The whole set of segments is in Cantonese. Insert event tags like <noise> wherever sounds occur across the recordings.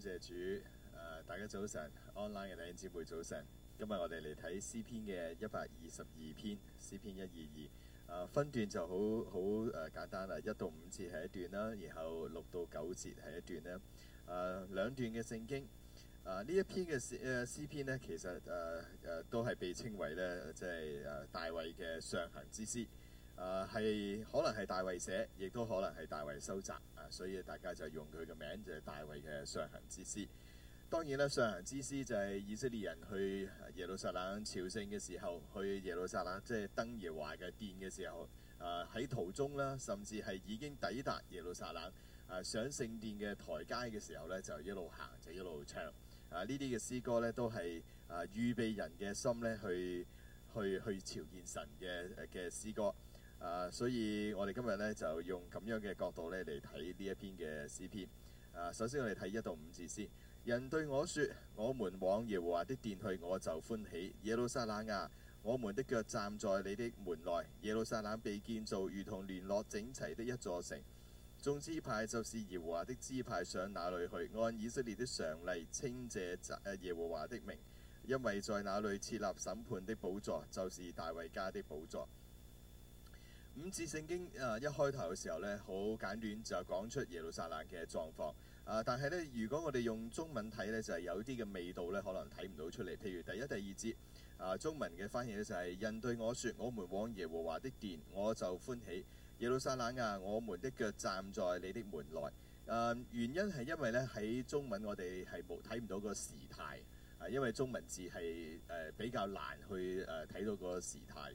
謝主誒、呃，大家早晨，online 嘅弟兄姊妹早晨。今日我哋嚟睇詩篇嘅一百二十二篇，詩篇一二二誒，分段就好好誒簡單啦，一到五節係一段啦，然後六到九節係一段啦。誒、呃，兩段嘅聖經誒，呢、呃、一篇嘅詩誒詩篇呢，其實誒誒、呃呃、都係被稱為咧，即係誒大衛嘅上行之詩。係、啊、可能係大衛寫，亦都可能係大衛收集啊，所以大家就用佢嘅名就係、是、大衛嘅上行之詩。當然咧，上行之詩就係以色列人去耶路撒冷朝聖嘅時候，去耶路撒冷即係登耶華嘅殿嘅時候啊，喺途中啦，甚至係已經抵達耶路撒冷啊，上聖殿嘅台階嘅時候呢，就一路行就一路唱啊。呢啲嘅詩歌呢，都係啊預備人嘅心呢去去去，去朝見神嘅嘅詩歌。啊，uh, 所以我哋今日咧就用咁樣嘅角度咧嚟睇呢一篇嘅詩篇。啊、uh，首先我哋睇一到五字先。人對我説：我們往耶和華的殿去，我就歡喜。耶路撒冷啊，我們的腳站在你的門內。耶路撒冷被建造如同連絡整齊的一座城。眾支派就是耶和華的支派，上哪裏去？按以色列的常例稱謝耶和華的名，因為在那裏設立審判的寶座，就是大衛家的寶座。五字聖經一開頭嘅時候呢，好簡短就講出耶路撒冷嘅狀況。但係呢，如果我哋用中文睇呢，就係有啲嘅味道呢，可能睇唔到出嚟。譬如第一、第二節，中文嘅翻譯呢，就係、是：人對我説，我們往耶和華的殿，我就歡喜。耶路撒冷啊，我們的腳站在你的門內、呃、原因係因為呢，喺中文我哋係冇睇唔到個時態。因為中文字係、呃、比較難去、呃、睇到個時態。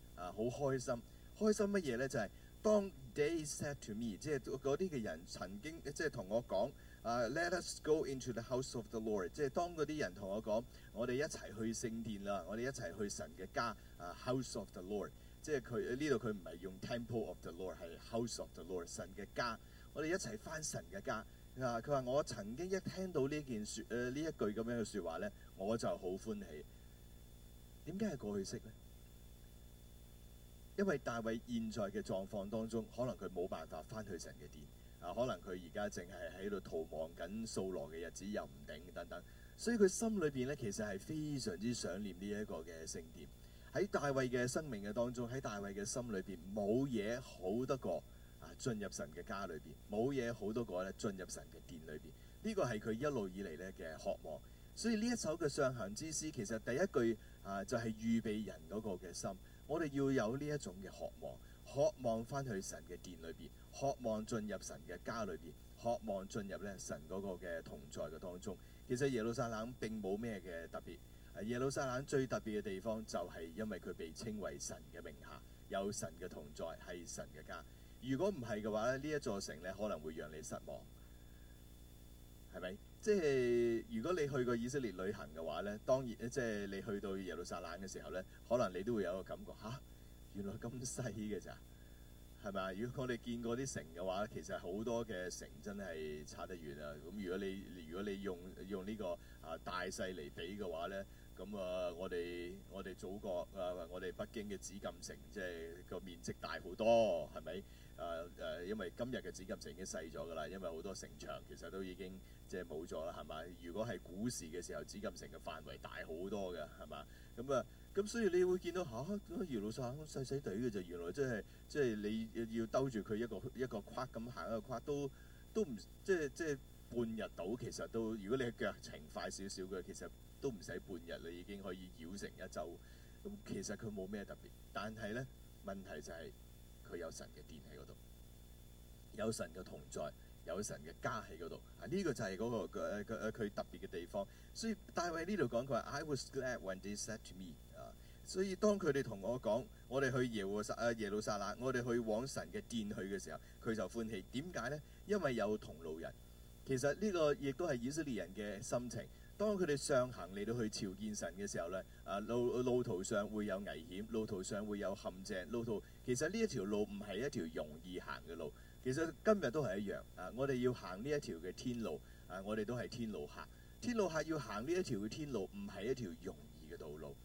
啊，好開心！開心乜嘢呢？就係當 they said to me，即係嗰啲嘅人曾經即係同我講啊，let us go into the house of the Lord。即係當嗰啲人同我講，我哋一齊去聖殿啦，我哋一齊去神嘅家啊、uh，house of the Lord。即係佢呢度佢唔係用 temple of the Lord，係 house of the Lord，神嘅家。我哋一齊返神嘅家。佢、啊、話：我曾經一聽到呢件説呢一句咁樣嘅説話呢，我就好歡喜。點解係過去式呢？因為大衛現在嘅狀況當中，可能佢冇辦法翻去神嘅殿，啊，可能佢而家淨係喺度逃亡緊掃羅嘅日子，又唔定等等，所以佢心裏邊呢，其實係非常之想念呢一個嘅聖殿。喺大衛嘅生命嘅當中，喺大衛嘅心裏邊，冇嘢好得過啊，進入神嘅家裏邊，冇嘢好得過咧進入神嘅殿裏邊。呢、呢個係佢一路以嚟咧嘅渴望。所以呢一首嘅上行之詩，其實第一句啊就係、是、預備人嗰個嘅心。我哋要有呢一種嘅渴望，渴望翻去神嘅殿裏邊，渴望進入神嘅家裏邊，渴望進入咧神嗰個嘅同在嘅當中。其實耶路撒冷並冇咩嘅特別，耶路撒冷最特別嘅地方就係因為佢被稱為神嘅名下，有神嘅同在，係神嘅家。如果唔係嘅話咧，呢一座城咧可能會讓你失望，係咪？即係如果你去過以色列旅行嘅話呢，當然即係你去到耶路撒冷嘅時候呢，可能你都會有個感覺，吓、啊，原來咁細嘅咋，係咪啊？如果我哋見過啲城嘅話，其實好多嘅城真係差得遠啊。咁如果你如果你用用呢個啊大細嚟比嘅話呢。咁啊、嗯，我哋我哋祖國啊、呃，我哋北京嘅紫禁城，即係個面積大好多，係咪？誒、呃、誒，因為今日嘅紫禁城已經細咗噶啦，因為好多城牆其實都已經，即係冇咗啦，係咪？如果係古時嘅時候，紫禁城嘅範圍大好多嘅，係嘛？咁、嗯、啊，咁、嗯、所以你會見到吓，姚老師細細哋嘅就原來即係即係你要兜住佢一個一個框咁行一個框都都唔即係即係半日到，其實都如果你腳程快少少嘅，其實。都唔使半日，你已經可以繞成一周。咁其實佢冇咩特別，但係咧問題就係、是、佢有神嘅殿喺嗰度，有神嘅同在，有神嘅家喺嗰度。啊，呢、這個就係嗰、那個佢佢佢佢特別嘅地方。所以大衛喺呢度講佢話：I was glad when they said to me 啊。所以當佢哋同我講，我哋去耶和撒、呃、耶路撒冷，我哋去往神嘅殿去嘅時候，佢就歡喜。點解咧？因為有同路人。其實呢個亦都係以色列人嘅心情。當佢哋上行嚟到去朝見神嘅時候呢，啊，路路途上會有危險，路途上會有陷阱，路途，其實呢一條路唔係一條容易行嘅路。其實今日都係一樣啊！我哋要行呢一條嘅天路啊，我哋都係天路客。天路客要行呢一條嘅天路，唔係一條容易嘅道路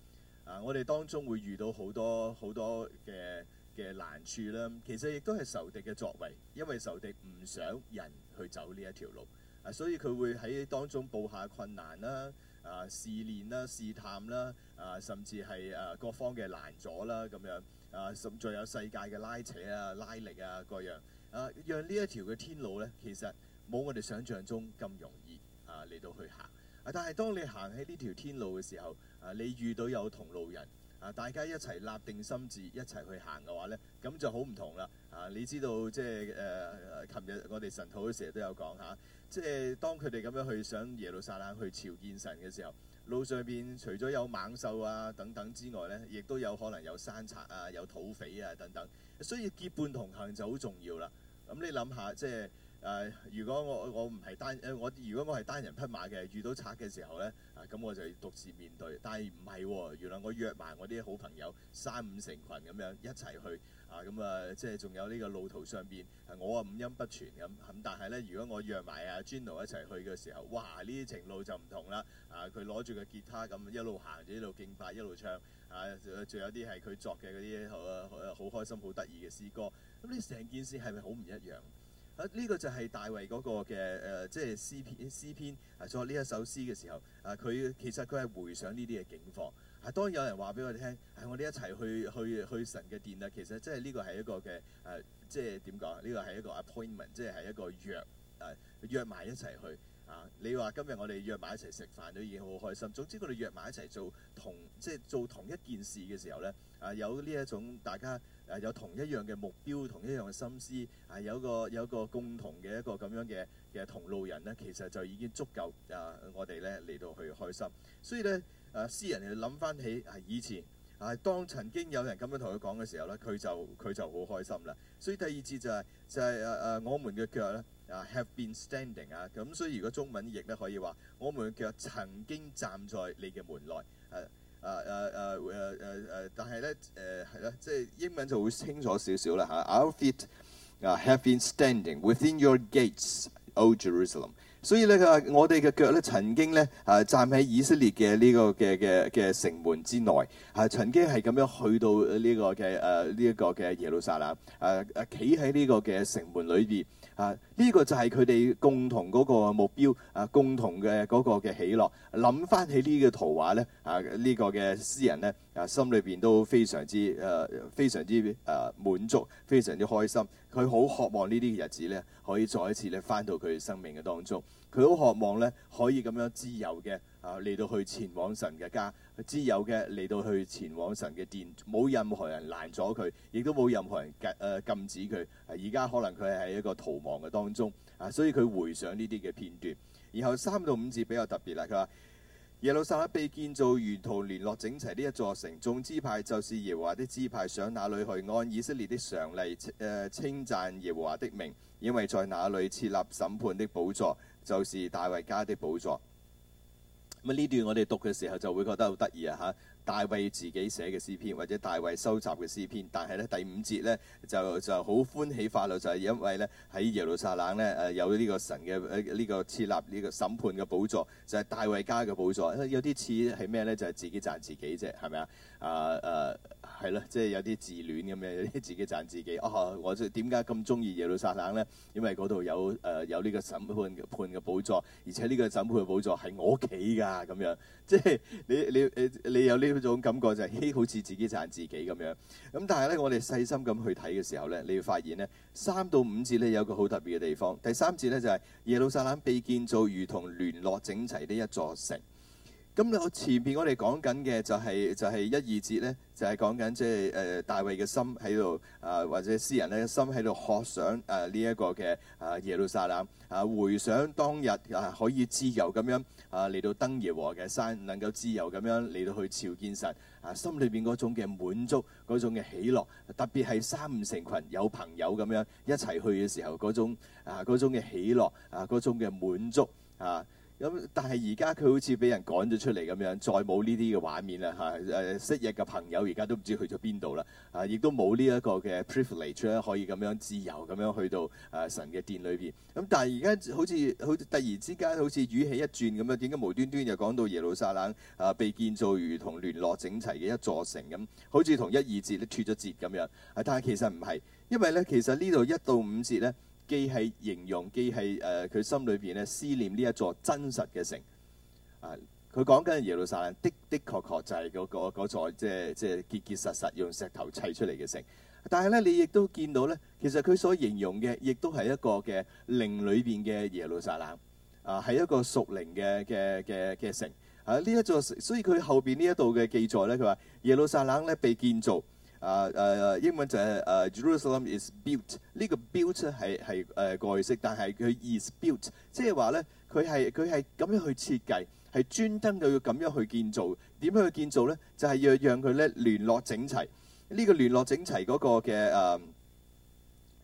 啊！我哋當中會遇到好多好多嘅嘅難處啦。其實亦都係仇敵嘅作為，因為仇敵唔想人去走呢一條路。所以佢會喺當中布下困難啦，啊，試練啦、試探啦，啊，甚至係啊各方嘅難阻啦咁樣，啊，甚至有世界嘅拉扯啊、拉力啊各樣啊，讓呢一條嘅天路咧，其實冇我哋想象中咁容易啊嚟到去行。啊，但係當你行喺呢條天路嘅時候，啊，你遇到有同路人啊，大家一齊立定心志，一齊去行嘅話咧，咁就好唔同啦。啊，你知道即係誒，琴、啊、日我哋晨禱嘅時候都有講吓。啊即係當佢哋咁樣去上耶路撒冷去朝見神嘅時候，路上邊除咗有猛獸啊等等之外咧，亦都有可能有山賊啊、有土匪啊等等，所以結伴同行就好重要啦。咁你諗下，即係。誒、呃，如果我我唔係單誒，我、呃、我如果我係單人匹馬嘅，遇到賊嘅時候咧，啊，咁我就要獨自面對。但係唔係喎，原來我約埋我啲好朋友，三五成群咁樣一齊去，啊，咁啊，即係仲有呢個路途上邊，我啊五音不全咁，咁、啊、但係咧，如果我約埋阿 Juno 一齊去嘅時候，哇，呢啲程路就唔同啦，啊，佢攞住個吉他咁一路行住呢度敬拜，一路唱，啊，仲有啲係佢作嘅嗰啲好開心、好得意嘅詩歌，咁呢成件事係咪好唔一樣？呢、啊這個就係大衛嗰個嘅誒，即係詩篇詩篇、啊、作呢一首詩嘅時候，啊佢其實佢係回想呢啲嘅景況。啊當然有人話俾我聽，唉我哋一齊去去去神嘅殿啊！其實即係呢個係一個嘅誒、啊，即係點講？呢、這個係一個 appointment，即係係一個約誒、啊、約埋一齊去啊！你話今日我哋約埋一齊食飯都已經好開心。總之佢哋約埋一齊做同即係做同一件事嘅時候咧，啊有呢一種大家。誒、啊、有同一樣嘅目標，同一樣嘅心思，係、啊、有個有個共同嘅一個咁樣嘅嘅同路人呢、啊、其實就已經足夠啊！我哋呢嚟到去開心，所以呢，誒、啊、詩人嚟諗返起係以前，係、啊、當曾經有人咁樣同佢講嘅時候呢，佢就佢就好開心啦。所以第二節就係、是、就係誒誒我們嘅腳呢啊，have been standing 啊，咁、啊、所以如果中文譯呢，可以話，我們嘅腳曾經站在你嘅門內誒。啊啊啊啊啊啊但係咧，誒係啦，即係英文就會清楚少少啦嚇。Uh, Our feet 啊，have been standing within your gates, O Jerusalem。所以咧，uh, 我哋嘅腳咧曾經咧啊，站喺以色列嘅呢個嘅嘅嘅城門之內，啊曾經係咁樣去到呢個嘅誒呢一個嘅耶路撒冷，誒誒企喺呢個嘅城門裏面。啊！呢個就係佢哋共同嗰個目標，啊，共同嘅嗰個嘅喜樂。諗翻起呢個圖畫咧，啊，呢個嘅詩人咧，啊，心裏邊都非常之誒、啊，非常之誒、啊、滿足，非常之開心。佢好渴望呢啲日子咧，可以再一次咧，翻到佢生命嘅當中。佢好渴望呢，可以咁樣自由嘅啊，嚟到去前往神嘅家，自由嘅嚟到去前往神嘅殿，冇任何人攔阻佢，亦都冇任何人禁禁止佢。而、啊、家可能佢係喺一個逃亡嘅當中啊，所以佢回想呢啲嘅片段。然後三到五節比較特別啦，佢話 <noise> 耶路撒冷被建造如同連絡整齊呢一座城，眾支派就是耶和華的支派，上那裏去按以色列的常例誒稱讚耶和華的名，因為在那裏設立審判的寶座。就是大衛家的寶座。咁呢段我哋讀嘅時候就會覺得好得意啊嚇！大衛自己寫嘅詩篇或者大衛收集嘅詩篇，但係咧第五節咧就就好歡喜法律就係、是、因為咧喺耶路撒冷咧誒、呃、有呢個神嘅呢、這個設立呢個審、這個、判嘅寶座，就係、是、大衛家嘅寶座。有啲似係咩咧？就係、是、自己賺自己啫，係咪啊？啊誒。係咯，即係有啲自戀咁樣，有啲自己讚自己。哦，我點解咁中意耶路撒冷咧？因為嗰度有誒、呃、有呢個審判判嘅寶座，而且呢個審判嘅寶座係我屋企㗎咁樣。即係你你你有呢種感覺就係、是，好似自己讚自己咁樣。咁但係咧，我哋細心咁去睇嘅時候咧，你會發現咧，三到五節咧有個好特別嘅地方。第三節咧就係、是、耶路撒冷被建造，如同聯絡整齊的一座城。咁咧，前邊我哋講緊嘅就係、是、就係、是、一二節呢，就係講緊即係大衛嘅心喺度啊，或者詩人嘅心喺度學想渴想誒呢一個嘅、啊、耶路撒冷啊，回想當日啊可以自由咁樣嚟、啊、到登耶和華嘅山，能夠自由咁樣嚟到去朝見神啊，心裏面嗰種嘅滿足，嗰種嘅喜樂，啊、特別係三五成群有朋友咁樣一齊去嘅時候，嗰種啊，嗰種嘅喜樂啊，嗰種嘅滿足啊。啊。咁、嗯、但係而家佢好似俾人趕咗出嚟咁樣，再冇呢啲嘅畫面啦嚇誒，昔日嘅朋友而家都唔知去咗邊度啦啊，亦都冇呢一個嘅 privilege 咧、啊，可以咁樣自由咁樣去到誒、啊、神嘅殿裏邊。咁、嗯、但係而家好似好突然之間，好似語氣一轉咁樣，點解無端端又講到耶路撒冷啊被建造如同聯絡整齊嘅一座城咁、啊？好似同一二節脫咗節咁樣啊！但係其實唔係，因為咧其實呢度一到五節咧。既係形容，既係，誒，佢心裏邊咧思念呢一座真實嘅城。啊，佢講緊耶路撒冷的的確確就係個座，即係即係結結實實用石頭砌出嚟嘅城。但係咧，你亦都見到咧，其實佢所形容嘅，亦都係一個嘅靈裏邊嘅耶路撒冷啊，係一個屬靈嘅嘅嘅嘅城。喺、啊、呢一座，所以佢後邊呢一度嘅記載咧，佢話耶路撒冷咧被建造。啊誒，英文就係誒 Jerusalem is built。呢個 built 係，係誒過去式，但係佢 is built，即係話咧，佢係佢係咁樣去設計，係專登要咁樣去建造。點樣去建造咧？就係要讓佢咧聯絡整齊。呢個聯絡整齊嗰個嘅誒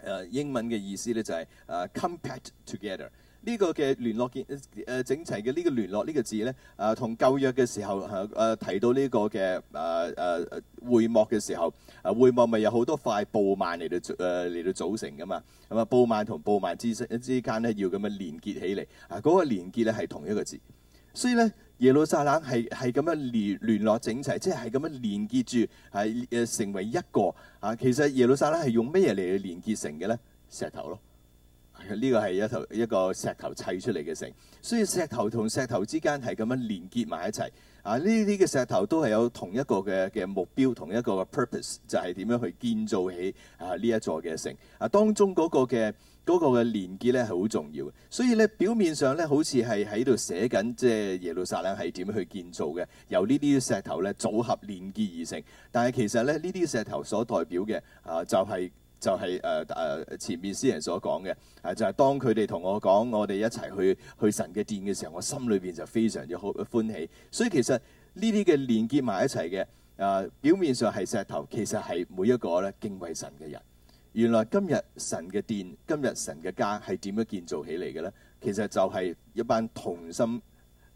誒英文嘅意思咧就係誒 compact together。呢個嘅聯絡建誒整齊嘅呢個聯絡呢個字咧，啊同舊約嘅時候嚇提到呢個嘅誒誒會幕嘅時候，啊、啊、啊會幕咪、啊、有好多塊布幔嚟到組嚟到組成㗎嘛，咁啊布幔同布幔之之之間咧要咁樣連結起嚟，啊嗰、這個連結咧係同一個字，所以咧耶路撒冷係係咁樣連聯絡整齊，即係係咁樣連結住係誒成為一個嚇、啊。其實耶路撒冷係用咩嘢嚟嚟連結成嘅咧？石頭咯。呢個係一頭一個石頭砌出嚟嘅城，所以石頭同石頭之間係咁樣連結埋一齊。啊，呢啲嘅石頭都係有同一個嘅嘅目標，同一個嘅 purpose，就係點樣去建造起啊呢一座嘅城。啊，當中嗰個嘅嗰個嘅連結咧係好重要嘅。所以咧表面上咧好似係喺度寫緊即係耶路撒冷係點樣去建造嘅，由呢啲石頭咧組合連結而成。但係其實咧呢啲石頭所代表嘅啊就係、是。就係誒誒前面詩人所講嘅，誒就係、是、當佢哋同我講，我哋一齊去去神嘅殿嘅時候，我心裏邊就非常之好歡喜。所以其實呢啲嘅連結埋一齊嘅，誒、啊、表面上係石頭，其實係每一個咧敬畏神嘅人。原來今日神嘅殿，今日神嘅家係點樣建造起嚟嘅呢？其實就係一班同心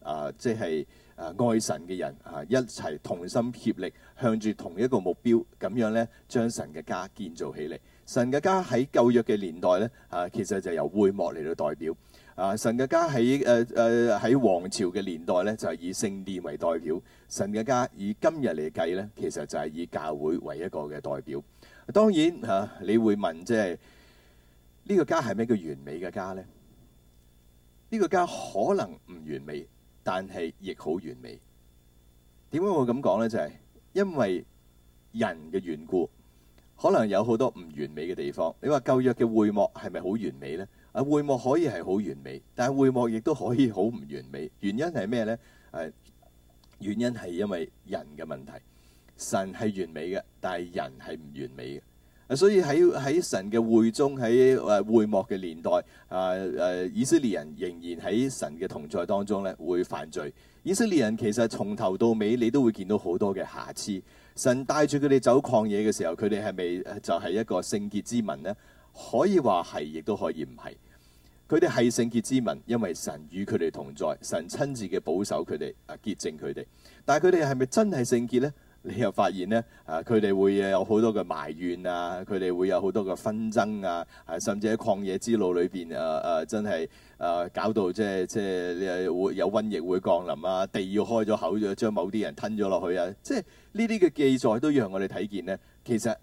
啊，即係誒愛神嘅人啊，一齊同心協力，向住同一個目標咁樣咧，將神嘅家建造起嚟。神嘅家喺舊約嘅年代咧，啊，其實就由會幕嚟到代表；啊，神嘅家喺誒誒喺王朝嘅年代咧，就係以聖殿為代表；神嘅家以今日嚟計咧，其實就係以教會為一個嘅代表。當然嚇，你會問即係呢個家係咩叫完美嘅家咧？呢個家可能唔完美，但係亦好完美。點解會咁講咧？就係因為人嘅緣故。可能有好多唔完美嘅地方。你話舊約嘅會幕係咪好完美呢？啊，會幕可以係好完美，但係會幕亦都可以好唔完美。原因係咩呢？誒、啊，原因係因為人嘅問題。神係完美嘅，但係人係唔完美嘅，啊。所以喺喺神嘅會中，喺誒會幕嘅年代，啊誒、啊，以色列人仍然喺神嘅同在當中咧，會犯罪。以色列人其實從頭到尾，你都會見到好多嘅瑕疵。神帶住佢哋走曠野嘅時候，佢哋係咪就係一個聖潔之民呢？可以話係，亦都可以唔係。佢哋係聖潔之民，因為神與佢哋同在，神親自嘅保守佢哋啊，潔淨佢哋。但係佢哋係咪真係聖潔呢？你又發現呢，啊，佢哋會有好多嘅埋怨啊，佢哋會有好多嘅紛爭啊，啊，甚至喺曠野之路裏邊啊啊，真係～誒、啊、搞到即係即係會有瘟疫會降臨啊！地要開咗口，將某啲人吞咗落去啊！即係呢啲嘅記載都讓我哋睇見呢，其實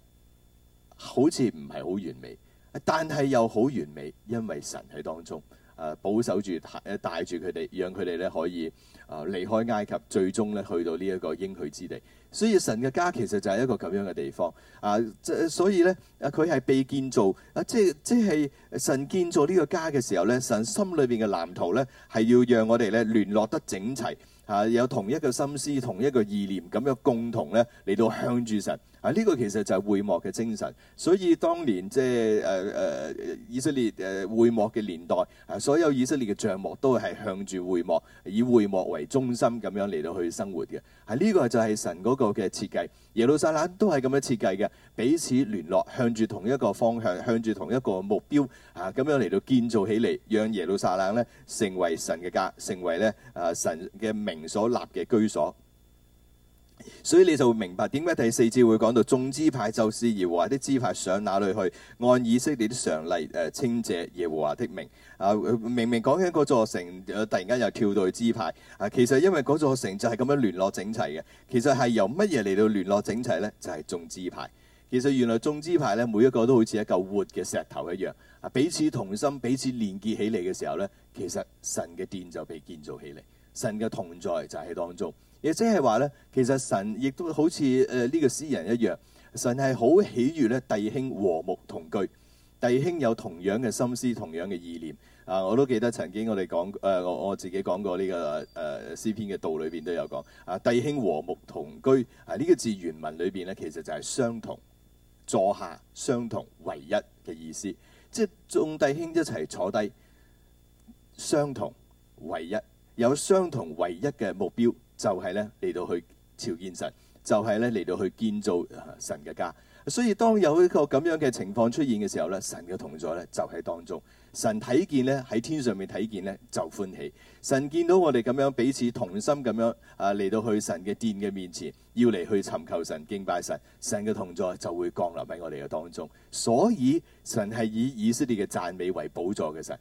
好似唔係好完美，但係又好完美，因為神喺當中誒、啊、保守住帶帶住佢哋，讓佢哋咧可以誒離開埃及，最終咧去到呢一個應許之地。所以神嘅家其實就係一個咁樣嘅地方啊，啊！即所以咧，佢係被建造啊！即即係神建造呢個家嘅時候咧，神心裏邊嘅藍圖咧，係要讓我哋咧聯絡得整齊啊，有同一個心思、同一個意念，咁樣共同咧嚟到向住神。啊！呢、這個其實就係會幕嘅精神，所以當年即係誒誒以色列誒、呃、會幕嘅年代，啊所有以色列嘅帳幕都係向住會幕，以會幕為中心咁樣嚟到去生活嘅。啊！呢、這個就係神嗰個嘅設計，耶路撒冷都係咁樣設計嘅，彼此聯絡，向住同一個方向，向住同一個目標，啊咁樣嚟到建造起嚟，讓耶路撒冷咧成為神嘅家，成為咧誒、啊、神嘅名所立嘅居所。所以你就會明白點解第四節會講到眾支派就是耶和華的支派上哪裏去？按以色列的常例誒、啊，稱讚耶和華的名啊！明明講緊嗰座城，突然間又跳到去支派啊！其實因為嗰座城就係咁樣聯絡整齊嘅，其實係由乜嘢嚟到聯絡整齊呢？就係眾支派。其實原來眾支派呢，每一個都好似一嚿活嘅石頭一樣啊！彼此同心，彼此連結起嚟嘅時候呢，其實神嘅殿就被建造起嚟，神嘅同在就喺當中。亦即係話咧，其實神亦都好似誒呢個詩人一樣，神係好喜悅咧。弟兄和睦同居，弟兄有同樣嘅心思、同樣嘅意念啊！我都記得曾經我哋講誒，我我自己講過呢個誒詩篇嘅道裏邊都有講啊。弟兄和睦同居啊，呢個字原文裏邊咧，其實就係相同坐下、相同唯一嘅意思，即係眾弟兄一齊坐低相同唯一，有相同唯一嘅目標。就係咧嚟到去朝見神，就係咧嚟到去建造神嘅家。所以當有一個咁樣嘅情況出現嘅時候咧，神嘅同在咧就喺當中。神睇見咧喺天上面睇見咧就歡喜。神見到我哋咁樣彼此同心咁樣啊嚟到去神嘅殿嘅面前，要嚟去尋求神敬拜神，神嘅同在就會降落喺我哋嘅當中。所以神係以以色列嘅讚美為寶座嘅神。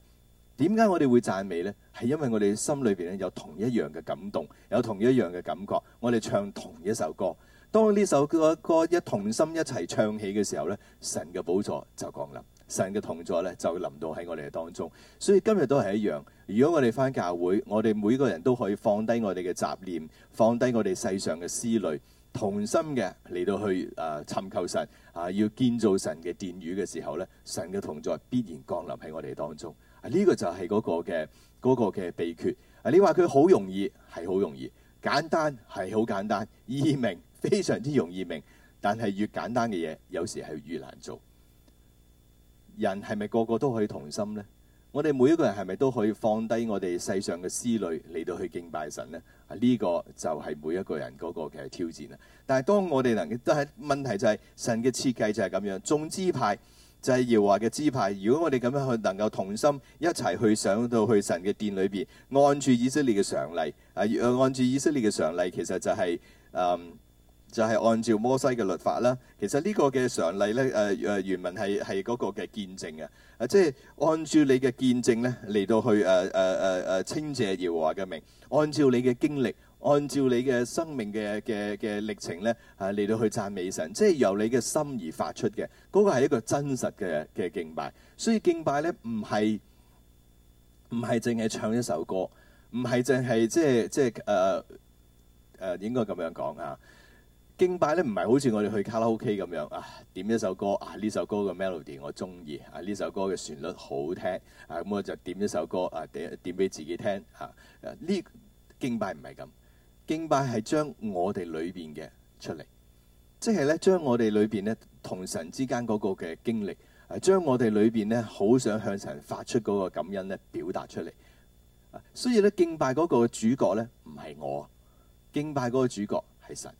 點解我哋會讚美呢？係因為我哋心裏邊咧有同一樣嘅感動，有同一樣嘅感覺。我哋唱同一首歌，當呢首歌歌一同心一齊唱起嘅時候呢，神嘅寶座就降臨，神嘅同在呢就會臨到喺我哋嘅當中。所以今日都係一樣。如果我哋返教會，我哋每個人都可以放低我哋嘅雜念，放低我哋世上嘅思慮，同心嘅嚟到去啊尋求神啊，要建造神嘅殿宇嘅時候呢，神嘅同在必然降臨喺我哋當中。呢、啊呢個就係嗰個嘅嗰個嘅秘訣。啊！你話佢好容易係好容易，簡單係好簡單，易明非常之容易明。但係越簡單嘅嘢，有時係越難做。人係咪個個都可以同心呢？我哋每一個人係咪都可以放低我哋世上嘅思慮嚟到去敬拜神呢？啊！呢、呢個就係每一個人嗰個嘅挑戰啦。但係當我哋能，但係問題就係神嘅設計就係咁樣，眾支派。就係耶和華嘅支派，如果我哋咁樣去能夠同心一齊去上到去神嘅殿裏邊，按住以色列嘅常例，啊，按住以色列嘅常例，其實就係、是、嗯就係、是、按照摩西嘅律法啦。其實呢個嘅常例咧，誒、呃、誒、呃、原文係係嗰個嘅見證啊，啊，即係按住你嘅見證咧嚟到去誒誒誒誒稱謝耶和華嘅名，按照你嘅經歷。按照你嘅生命嘅嘅嘅歷程咧，啊嚟到去讚美神，即係由你嘅心而發出嘅，嗰個係一個真實嘅嘅敬拜。所以敬拜咧唔係唔係淨係唱一首歌，唔係淨係即係即係誒誒應該咁樣講啊！敬拜咧唔係好似我哋去卡拉 OK 咁樣啊，點一首歌啊，呢首歌嘅 melody 我中意啊，呢首歌嘅旋律好聽啊咁、嗯、我就點一首歌啊點點俾自己聽吓呢、啊啊、敬拜唔係咁。敬拜係將我哋裏邊嘅出嚟，即係咧將我哋裏邊咧同神之間嗰個嘅經歷，誒將我哋裏邊咧好想向神發出嗰個感恩咧表達出嚟。所以咧敬拜嗰個主角咧唔係我，敬拜嗰個主角係神。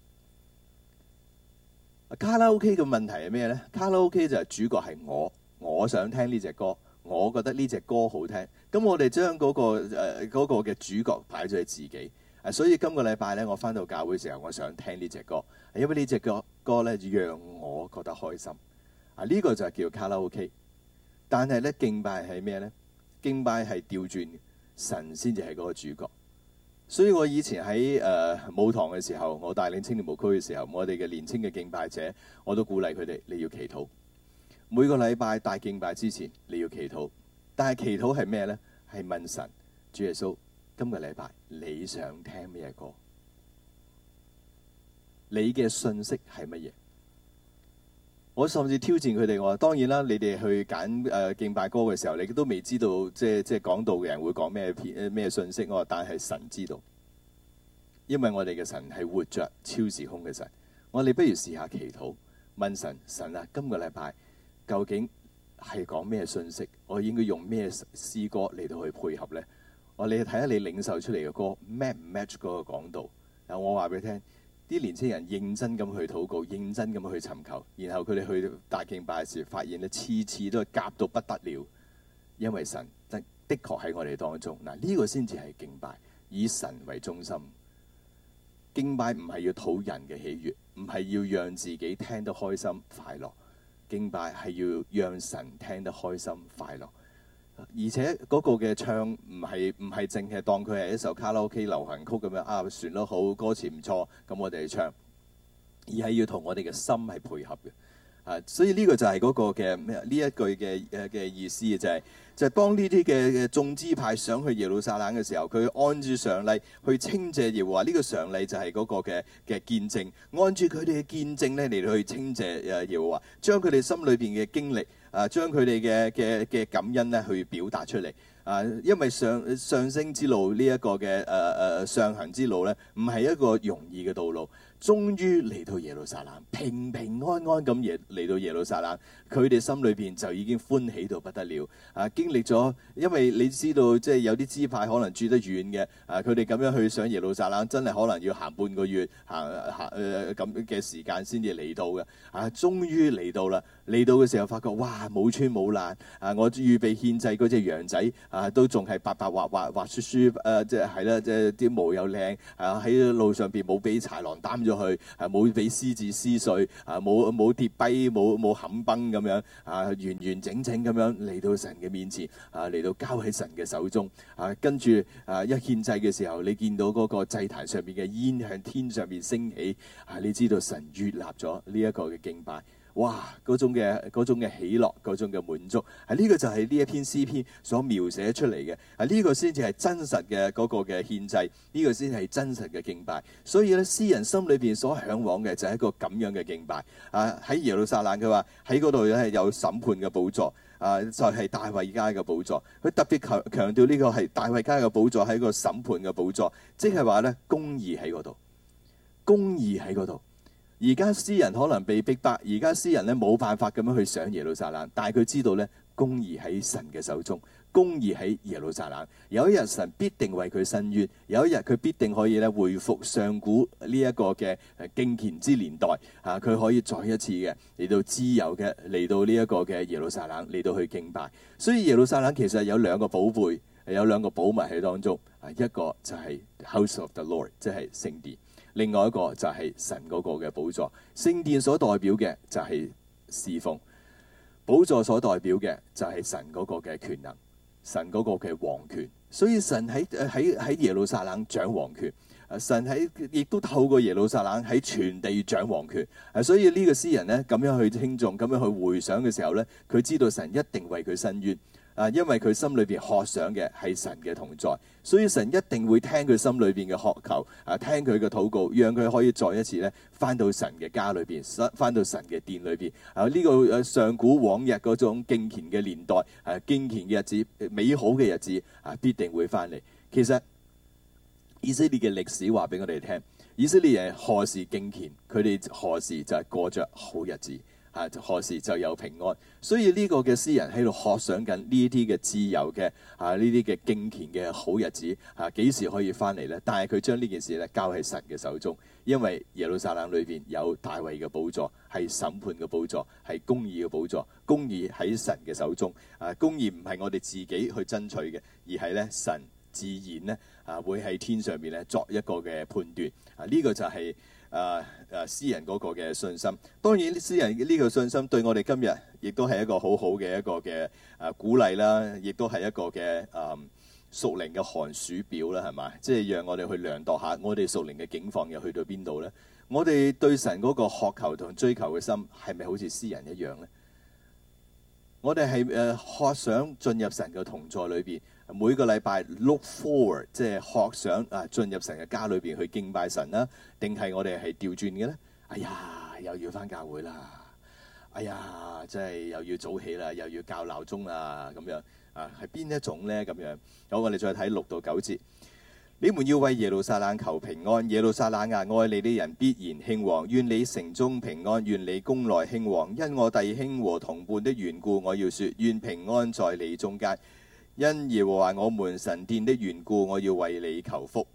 卡拉 OK 嘅問題係咩咧？卡拉 OK 就係主角係我，我想聽呢隻歌，我覺得呢隻歌好聽。咁我哋將嗰個誒嗰個嘅主角擺咗喺自己。啊，所以今個禮拜咧，我返到教會時候，我想聽呢隻歌，因為呢隻歌歌咧，讓我覺得開心。啊，呢、這個就係叫卡拉 OK。但係咧，敬拜係咩咧？敬拜係調轉，神先至係嗰個主角。所以我以前喺誒、呃、舞堂嘅時候，我帶領青年部區嘅時候，我哋嘅年輕嘅敬拜者，我都鼓勵佢哋，你要祈禱。每個禮拜帶敬拜之前，你要祈禱。但係祈禱係咩咧？係問神，主耶穌。今個禮拜你想聽咩歌？你嘅信息係乜嘢？我甚至挑戰佢哋，我話：當然啦，你哋去揀誒、呃、敬拜歌嘅時候，你都未知道，即係即係講道嘅人會講咩片咩信息。我話：但係神知道，因為我哋嘅神係活着超時空嘅神。我哋不如試下祈禱，問神：神啊，今個禮拜究竟係講咩信息？我應該用咩詩歌嚟到去配合呢？」我哋睇下你領受出嚟嘅歌 match 唔 match 嗰個講道？嗱，我話俾你聽，啲年青人認真咁去禱告，認真咁去尋求，然後佢哋去大敬拜時候，發現咧次次都係夾到不得了，因為神的確喺我哋當中。嗱，呢個先至係敬拜，以神為中心。敬拜唔係要討人嘅喜悅，唔係要讓自己聽得開心快樂，敬拜係要讓神聽得開心快樂。而且嗰個嘅唱唔係，唔係淨係當佢係一首卡拉 OK 流行曲咁樣啊，旋律好，歌詞唔錯，咁我哋去唱，而係要同我哋嘅心係配合嘅啊，所以呢個就係嗰個嘅呢一句嘅誒嘅意思就係、是、就係、是、當呢啲嘅眾支派想去耶路撒冷嘅時候，佢按住常例去稱謝耶和華，呢、這個常例就係嗰個嘅嘅見證，按住佢哋嘅見證咧嚟去稱謝誒耶和華，將佢哋心裏邊嘅經歷。啊，將佢哋嘅嘅嘅感恩咧，去表達出嚟啊！因為上上升之路呢一個嘅誒誒上行之路咧，唔係一個容易嘅道路。終於嚟到耶路撒冷，平平安安咁嚟到耶路撒冷。佢哋心裏邊就已經歡喜到不得了啊！經歷咗，因為你知道，即係有啲支派可能住得遠嘅啊，佢哋咁樣去上耶路撒冷，真係可能要行半個月行行誒咁嘅時間先至嚟到嘅啊！終於嚟到啦，嚟到嘅時候發覺哇，冇穿冇爛啊！我預備獻祭嗰隻羊仔啊，都仲係白白滑滑，滑，滑雪雪誒，即係係啦，即係啲毛又靚啊！喺路上邊冇俾豺狼擔咗去，啊冇俾獅子撕碎，啊冇冇跌跛，冇冇冚崩咁。咁樣啊，完完整整咁樣嚟到神嘅面前啊，嚟到交喺神嘅手中啊，跟住啊，一獻祭嘅時候，你見到嗰個祭壇上面嘅煙向天上面升起啊，你知道神悅納咗呢一個嘅敬拜。哇！嗰種嘅嗰種嘅喜樂，嗰種嘅滿足，係、啊、呢、這個就係呢一篇詩篇所描寫出嚟嘅。係、啊、呢、這個先至係真實嘅嗰個嘅獻祭，呢、這個先係真實嘅敬拜。所以咧，詩人心裏邊所嚮往嘅就係一個咁樣嘅敬拜。啊，喺耶路撒冷，佢話喺嗰度咧有審判嘅寶座，啊就係、是、大衛家嘅寶座。佢特別強強調呢個係大衛家嘅寶座，係一個審判嘅寶座，即係話咧公義喺嗰度，公義喺嗰度。而家詩人可能被逼迫，而家詩人呢冇辦法咁樣去上耶路撒冷，但係佢知道呢，公義喺神嘅手中，公義喺耶路撒冷。有一日神必定為佢伸冤，有一日佢必定可以咧回復上古呢一個嘅敬虔之年代。啊，佢可以再一次嘅嚟到自由嘅嚟到呢一個嘅耶路撒冷嚟到去敬拜。所以耶路撒冷其實有兩個寶貝，有兩個寶物喺當中。啊，一個就係 House of the Lord，即係聖殿。另外一個就係神嗰個嘅寶座。聖殿所代表嘅就係侍奉，寶座所代表嘅就係神嗰個嘅權能，神嗰個嘅皇權，所以神喺喺耶路撒冷掌皇權，神喺亦都透過耶路撒冷喺全地掌皇權。所以呢個詩人呢，咁樣去聽眾咁樣去回想嘅時候呢，佢知道神一定為佢伸冤。啊，因為佢心裏邊渴想嘅係神嘅同在，所以神一定會聽佢心裏邊嘅渴求，啊，聽佢嘅禱告，讓佢可以再一次咧翻到神嘅家裏邊，翻到神嘅殿裏邊。啊，呢個上古往日嗰種敬虔嘅年代，啊，敬虔嘅日子，美好嘅日子啊，必定會翻嚟。其實以色列嘅歷史話俾我哋聽，以色列人何時敬虔，佢哋何時就係過着好日子。啊，何時就有平安？所以呢個嘅詩人喺度渴想緊呢啲嘅自由嘅啊，呢啲嘅敬虔嘅好日子，啊幾時可以翻嚟呢？但係佢將呢件事咧交喺神嘅手中，因為耶路撒冷裏邊有大衛嘅寶座，係審判嘅寶座，係公義嘅寶座。公義喺神嘅手中。啊，公義唔係我哋自己去爭取嘅，而係咧神自然咧啊會喺天上面咧作一個嘅判斷。啊，呢個就係。啊啊！詩人嗰個嘅信心，當然詩人呢個信心對我哋今日亦都係一個好好嘅一個嘅啊鼓勵啦，亦都係一個嘅啊、嗯、屬靈嘅寒暑表啦，係嘛？即係讓我哋去量度下我哋屬靈嘅境況又去到邊度咧？我哋對神嗰個渴求同追求嘅心係咪好似詩人一樣咧？我哋係誒渴想進入神嘅同在裏邊。每個禮拜 look forward，即係學想啊進入神嘅家裏邊去敬拜神啦，定係我哋係調轉嘅呢？哎呀，又要返教會啦！哎呀，即係又要早起啦，又要校鬧鐘啦咁樣啊，係邊一種呢？咁樣好，我哋再睇六到九節。你們要為耶路撒冷求平安，耶路撒冷啊，愛你的人必然興旺，願你城中平安，願你宮內興旺，因我弟兄和同伴的緣故，我要說，願平安在你中間。因耶和華我們神殿的緣故，我要為你求福。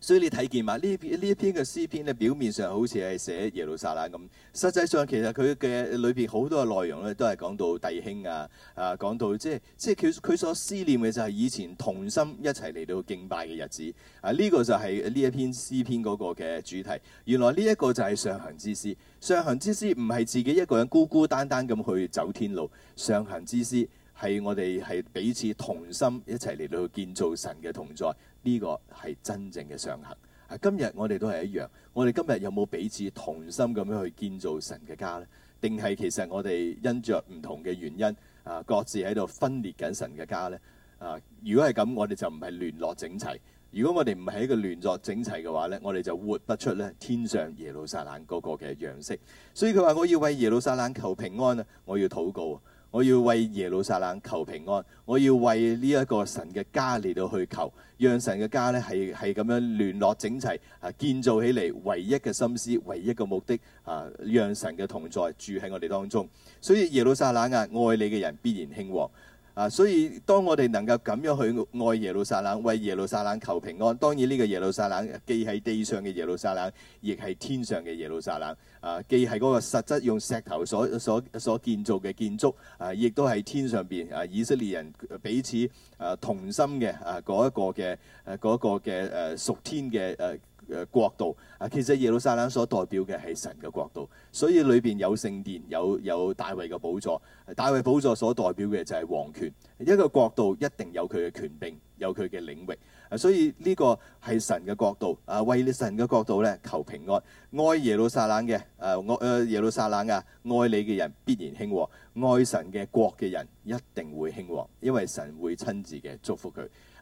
所以你睇見嘛，呢篇呢一篇嘅詩篇咧，表面上好似係寫耶路撒冷咁，實際上其實佢嘅裏邊好多嘅內容咧都係講到弟兄啊啊，講到即係即係佢佢所思念嘅就係以前同心一齊嚟到敬拜嘅日子啊。呢個就係呢一篇詩篇嗰個嘅主題。原來呢一個就係上行之詩，上行之詩唔係自己一個人孤孤單單咁去走天路，上行之詩。係我哋係彼此同心一齊嚟到去建造神嘅同在，呢個係真正嘅上行。啊，今日我哋都係一樣，我哋今日有冇彼此同心咁樣去建造神嘅家呢？定係其實我哋因着唔同嘅原因啊，各自喺度分裂緊神嘅家呢？啊，如果係咁，我哋就唔係聯絡整齊。如果我哋唔係一個聯絡整齊嘅話呢，我哋就活不出呢天上耶路撒冷嗰個嘅樣式。所以佢話：我要為耶路撒冷求平安啊！我要禱告。我要為耶路撒冷求平安，我要為呢一個神嘅家嚟到去求，讓神嘅家咧係係咁樣聯絡整齊，啊，建造起嚟，唯一嘅心思，唯一嘅目的，啊，讓神嘅同在住喺我哋當中。所以耶路撒冷啊，愛你嘅人必然興旺。啊！所以當我哋能夠咁樣去愛耶路撒冷，為耶路撒冷求平安。當然呢個耶路撒冷既係地上嘅耶路撒冷，亦係天上嘅耶路撒冷。啊，既係嗰個實質用石頭所所所建造嘅建築，啊，亦都係天上邊啊以色列人彼此啊同心嘅啊嗰一個嘅誒嗰一個嘅誒屬天嘅誒。啊誒國度啊，其實耶路撒冷所代表嘅係神嘅國度，所以裏邊有聖殿，有有大衛嘅寶座，大衛寶座所代表嘅就係王權。一個國度一定有佢嘅權柄，有佢嘅領域。所以呢個係神嘅國度啊，為你神嘅國度咧求平安，愛耶路撒冷嘅誒愛誒耶路撒冷噶、啊，愛你嘅人必然興旺，愛神嘅國嘅人一定會興旺，因為神會親自嘅祝福佢。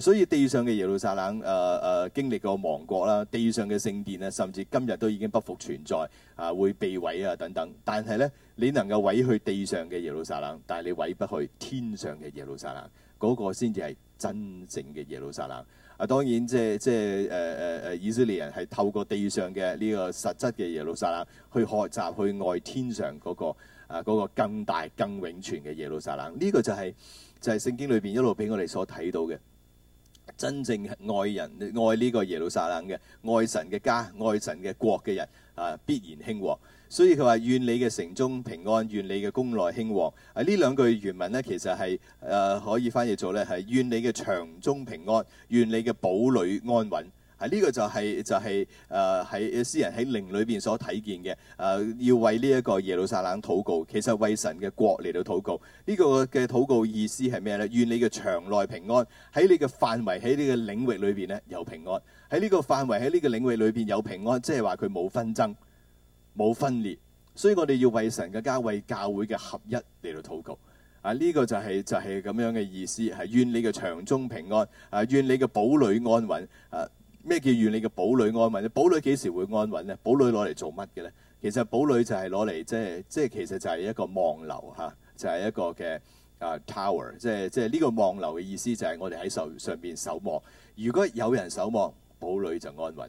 所以地上嘅耶路撒冷，誒、呃、誒、呃、經歷過亡國啦，地上嘅聖殿咧，甚至今日都已經不復存在，啊會被毀啊等等。但係咧，你能夠毀去地上嘅耶路撒冷，但係你毀不去天上嘅耶路撒冷，嗰、那個先至係真正嘅耶路撒冷。啊，當然即係即係誒誒誒以色列人係透過地上嘅呢、這個實質嘅耶路撒冷去學習去愛天上嗰個啊嗰、這個更大更永存嘅耶路撒冷。呢、這個就係、是、就係、是、聖經裏邊一路俾我哋所睇到嘅。真正愛人，愛呢個耶路撒冷嘅，愛神嘅家，愛神嘅國嘅人啊，必然興旺。所以佢話：願你嘅城中平安，願你嘅宮內興旺。啊，呢兩句原文呢，其實係、呃、可以翻譯做咧，係願你嘅牆中平安，願你嘅堡壘安穩。係呢、啊，這個就係、是、就係誒喺詩人喺靈裏邊所睇見嘅、誒、呃，要為呢一個耶路撒冷禱告，其實為神嘅國嚟到禱告。呢、這個嘅禱告意思係咩咧？願你嘅牆內平安，喺你嘅範圍喺你嘅領域裏邊咧有平安，喺呢個範圍喺呢個領域裏邊有平安，即係話佢冇紛爭、冇分裂。所以我哋要為神嘅家、為教會嘅合一嚟到禱告。啊、呢、這個就係、是、就係、是、咁樣嘅意思係願你嘅牆中平安，啊，願你嘅堡壘安穩，啊。咩叫願你嘅堡壘安穩？堡壘幾時會安穩呢？堡壘攞嚟做乜嘅咧？其實堡壘就係攞嚟即係即係其實就係一個望樓嚇、啊，就係、是、一個嘅啊 tower、就是。即係即係呢個望樓嘅意思就係我哋喺上上邊守望。如果有人守望，堡壘就安穩。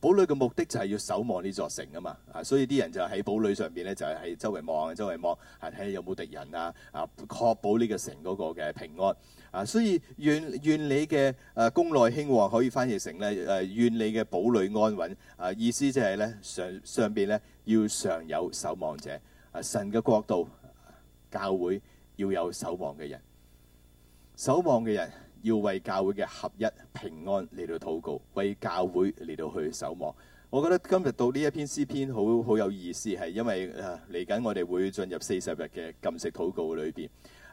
堡壘嘅目的就係要守望呢座城啊嘛。啊，所以啲人就喺堡壘上邊咧，就係喺周圍望，周圍望，啊睇下有冇敵人啊，啊確保呢個城嗰個嘅平安。啊，所以願願你嘅誒，宮內興旺，可以翻譯成咧，誒願你嘅堡壘安穩啊，意思即係咧，上上邊咧，要常有守望者啊，神嘅國度、啊、教會要有守望嘅人，守望嘅人要為教會嘅合一平安嚟到禱告，為教會嚟到去守望。我覺得今日讀呢一篇詩篇好好有意思，係因為誒嚟緊我哋會進入四十日嘅禁食禱告裏邊。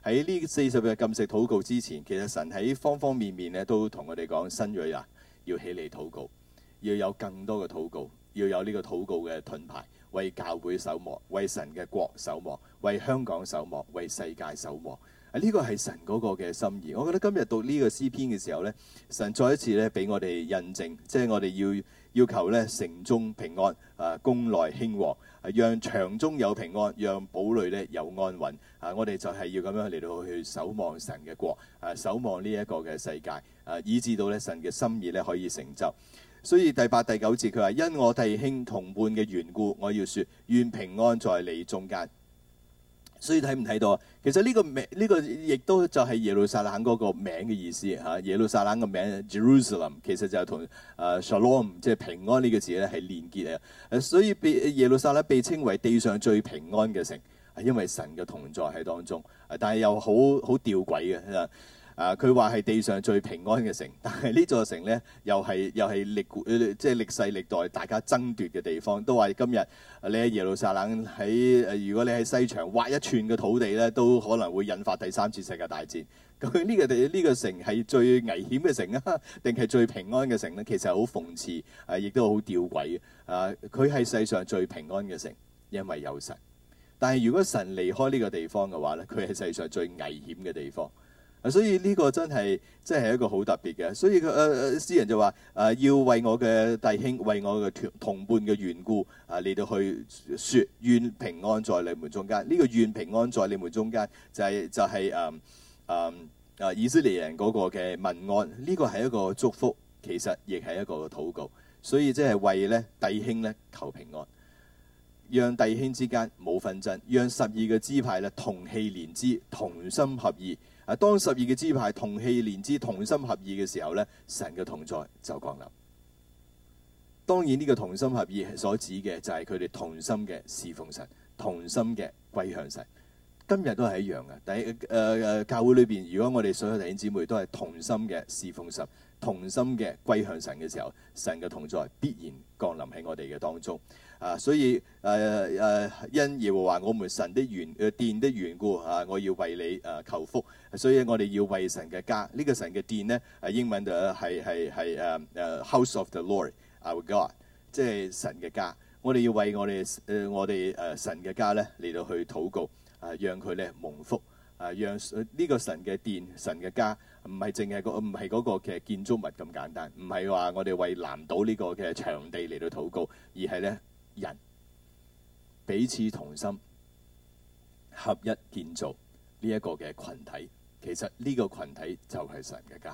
喺呢四十日禁食禱告之前，其實神喺方方面面咧都同我哋講：新銳啊，要起嚟禱告，要有更多嘅禱告，要有呢個禱告嘅盾牌，為教會守望，為神嘅國守望，為香港守望，為世界守望。呢、啊這個係神嗰個嘅心意，我覺得今日讀呢個詩篇嘅時候呢，神再一次咧俾我哋印證，即係我哋要要求呢：城中平安，啊宮內興旺，啊讓牆中有平安，啊、讓堡壘咧有安穩。啊！我哋就係要咁樣嚟到去守望神嘅國，啊守望呢一個嘅世界，啊以至到咧神嘅心意咧可以成就。所以第八第九節佢話：因我弟兄同伴嘅緣故，我要説，願平安在你中間。所以睇唔睇到啊？其實呢個名，呢個亦都就係耶路撒冷嗰個名嘅意思嚇。耶路撒冷嘅名 Jerusalem 其實就係同誒 shalom 即係平安呢個字咧係連結嚟嘅。所以被耶路撒冷被稱為地上最平安嘅城，係因為神嘅同在喺當中。但係又好好吊詭嘅。啊！佢話係地上最平安嘅城，但係呢座城呢，又係又係歷、呃、即係歷世歷代大家爭奪嘅地方。都話今日你喺耶路撒冷喺如果你喺西牆挖一寸嘅土地呢，都可能會引發第三次世界大戰。咁呢、呢個地呢、呢個城係最危險嘅城啊，定係最平安嘅城呢？其實好諷刺，亦、啊、都好吊詭啊，佢係世上最平安嘅城，因為有神。但係如果神離開呢個地方嘅話咧，佢係世上最危險嘅地方。所以呢個真係，真係一個好特別嘅。所以個誒誒詩人就話：誒、呃、要為我嘅弟兄、為我嘅同伴嘅緣故啊，嚟、呃、到去説願平安在你們中間。呢、這個願平安在你們中間就係、是、就係誒誒誒以色列人嗰個嘅民安。呢、這個係一個祝福，其實亦係一個禱告。所以即係為咧弟兄咧求平安，讓弟兄之間冇紛爭，讓十二個支派咧同氣連枝，同心合意。啊！當十二嘅支派同氣連枝、同心合意嘅時候咧，神嘅同在就降臨。當然呢個同心合意所指嘅就係佢哋同心嘅侍奉神、同心嘅歸向神。今日都係一樣嘅。但係誒誒教會裏邊，如果我哋所有弟兄姊妹都係同心嘅侍奉神、同心嘅歸向神嘅時候，神嘅同在必然降臨喺我哋嘅當中。啊，所以誒誒、啊啊，因耶和華，我們神的源誒、呃、殿的緣故啊，我要為你誒、啊、求福，所以我哋要為神嘅家呢、這個神嘅殿咧，係、啊、英文就係係係誒誒 House of the Lord，our God 即係神嘅家。我哋要為我哋誒、呃、我哋誒、呃、神嘅家咧嚟到去禱告啊，讓佢咧蒙福啊，讓呢個神嘅殿、神嘅家唔係淨係個唔係嗰個嘅建築物咁簡單，唔係話我哋為南島呢個嘅場地嚟到禱告，而係咧。啊人彼此同心，合一建造呢一個嘅群體，其實呢個群體就係神嘅家。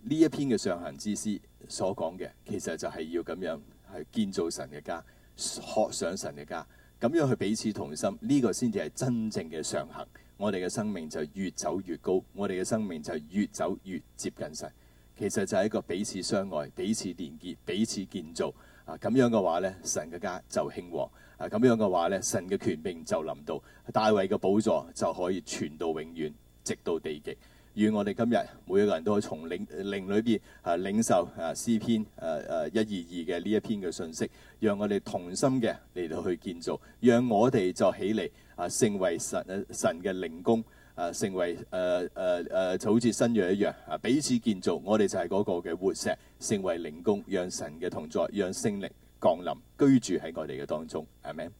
呢一篇嘅上行之詩所講嘅，其實就係要咁樣，去建造神嘅家，學上神嘅家，咁樣去彼此同心，呢個先至係真正嘅上行。我哋嘅生命就越走越高，我哋嘅生命就越走越接近神。其實就係一個彼此相愛、彼此連結、彼此建造啊！咁樣嘅話咧，神嘅家就興旺；啊咁樣嘅話咧，神嘅權柄就臨到，大衛嘅寶座就可以傳到永遠，直到地極。願我哋今日每一個人都可以從靈靈裏邊啊領受啊詩篇誒誒一二二嘅呢一篇嘅信息，讓我哋同心嘅嚟到去建造，讓我哋就起嚟啊成為神、啊、神嘅靈功。啊，成為誒誒誒就好似新約一樣啊，彼此建造，我哋就係嗰個嘅活石，成為靈宮，讓神嘅同在，讓聖靈降臨居住喺我哋嘅當中。阿門。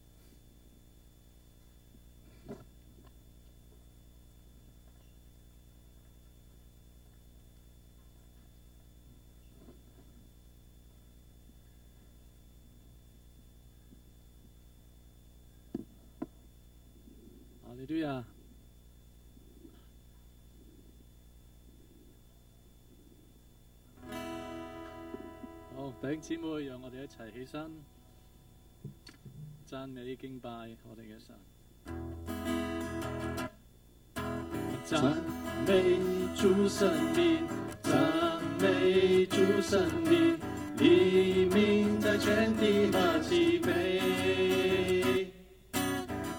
Alleluia。弟兄姊妹，讓我哋一齊起，起身，讚美敬拜我的，我哋嘅神。讚美主聖名，讚美主聖名，祢名在全地何其美，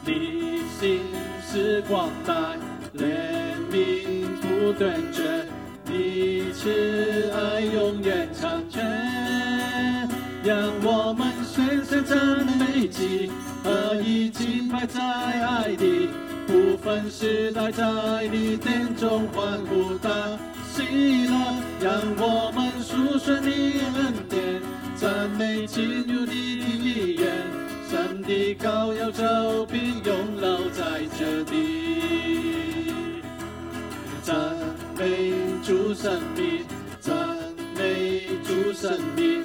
祢信實廣大，憐憫不斷絕，祢慈愛永遠長。讓我們宣聲讚美祭，合一敬拜在愛裏，不分時代在祢殿中歡呼大喜樂。讓我們述說祢恩典，讚美進入祢的殿，上帝羔羊就並永勞在這裏。讚美主神明，讚美主神明。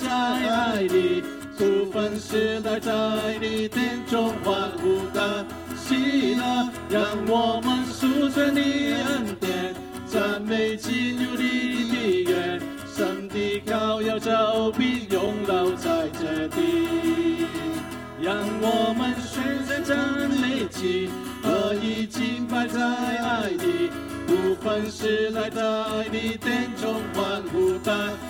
在愛裏，不分時代，在你殿中歡呼的喜樂，讓我們頌讚你恩典，讚美進入你的院，聖的羔羊就必永留在這地，讓我們宣聲讚美起，樂意敬拜在愛裏。不分時代，在你殿中歡呼的。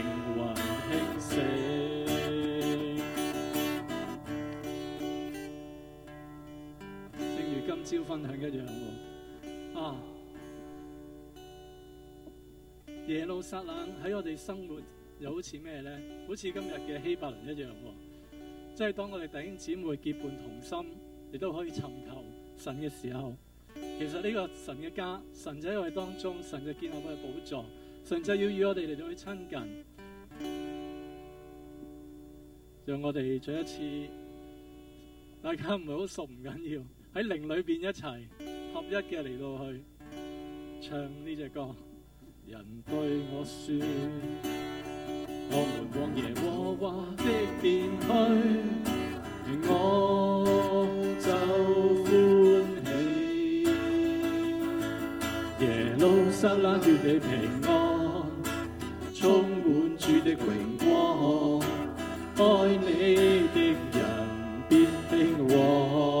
分享一樣喎，啊！耶路撒冷喺我哋生活又好似咩咧？好似今日嘅希伯倫一樣喎，哦，即係當我哋弟兄姊妹結伴同心，亦都可以尋求神嘅時候，其實呢個神嘅家，神喺我哋當中，神就建立佢嘅寶座，神就要與我哋嚟到去親近，讓我哋再一次，大家唔係好熟唔緊要。喺靈裏邊一齊合一嘅嚟到去唱呢隻歌。人對我説，我們往耶和華的殿去，我就歡喜。耶路撒冷願你平安，充滿主的榮光，愛你的人必興旺。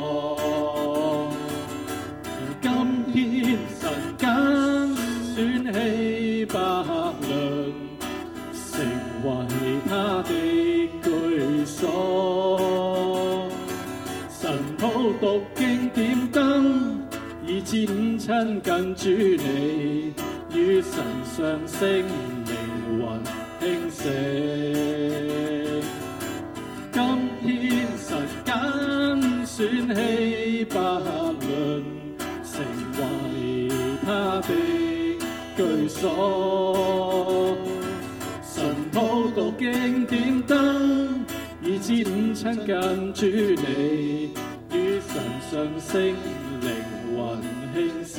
親近主你，與神上升，靈魂興盛。今天神揀選希伯倫，成為他的居所。晨禱讀經點燈，二至五親近主你，與神上升。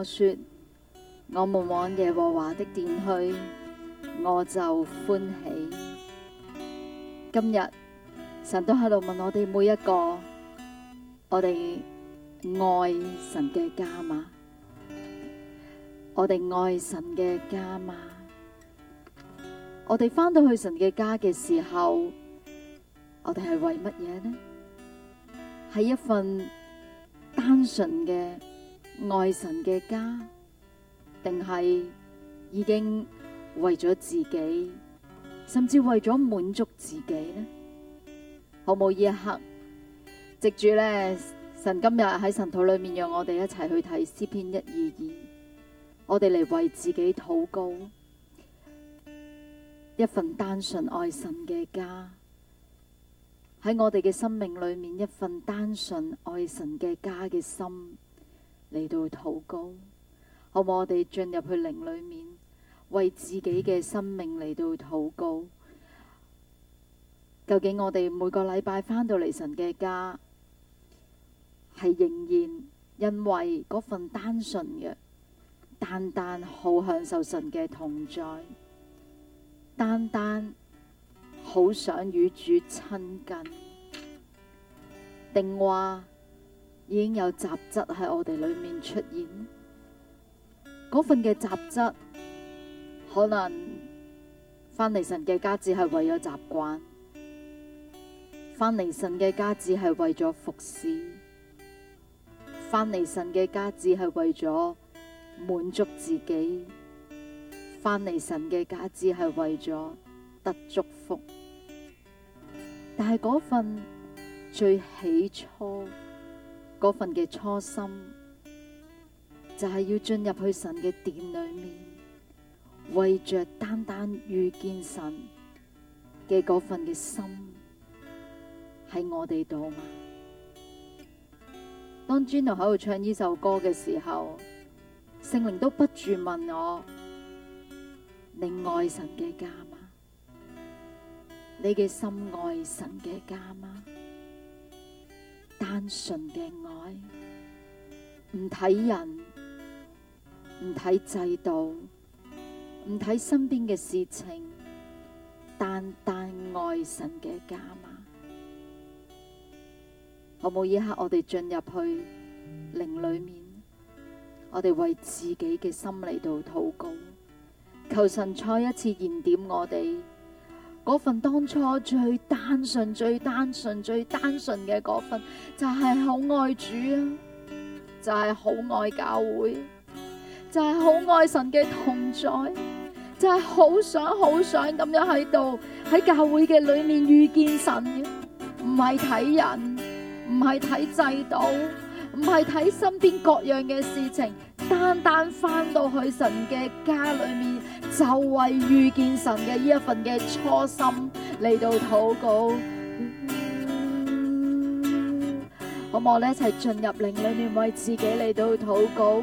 我說，我們往耶和華的殿去，我就歡喜。今日神都喺度問我哋每一個，我哋愛神嘅家嗎？我哋愛神嘅家嗎？我哋返到去神嘅家嘅時候，我哋係為乜嘢呢？係一份單純嘅，愛神嘅家，定係已經為咗自己，甚至為咗滿足自己呢？好冇，呢一刻，藉住呢，神今日喺神土裏面，讓我哋一齊去睇詩篇一二二，我哋嚟為自己禱告一份單純愛神嘅家，喺我哋嘅生命裏面一份單純愛神嘅家嘅心。嚟到禱告，好唔好？我哋進入去靈裏面，為自己嘅生命嚟到禱告。究竟我哋每個禮拜返到嚟神嘅家，係仍然因為嗰份單純嘅，單單好享受神嘅同在，單單好想與主親近，定話？已經有雜質喺我哋裏面出現，嗰份嘅雜質可能翻嚟神嘅家，只係為咗習慣；翻嚟神嘅家，只係為咗服侍；翻嚟神嘅家，只係為咗滿足自己；翻嚟神嘅家，只係為咗得祝福。但係嗰份最起初。嗰份嘅初心，就係要進入去神嘅殿裏面，為着單單遇見神嘅嗰份嘅心，喺我哋度嘛？當 Gino 喺度唱呢首歌嘅時候，聖靈都不住問我：你愛神嘅家嗎？你嘅心愛神嘅家嗎？單純嘅愛，唔睇人，唔睇制度，唔睇身邊嘅事情，單單愛神嘅家嘛。好冇，一刻我哋進入去靈裏面，我哋為自己嘅心嚟到禱告，求神再一次燃點我哋。嗰份當初最單純、最單純、最單純嘅嗰份，就係好愛主啊！就係好愛教會，就係好愛神嘅同在，就係好想、好想咁樣喺度喺教會嘅裏面遇見神嘅，唔係睇人，唔係睇制度。唔係睇身邊各樣嘅事情，單單返到去神嘅家裏面就為遇見神嘅呢一份嘅初心嚟到禱告。 <noise> 好，我哋一齊進入靈裏面，為自己嚟到禱告。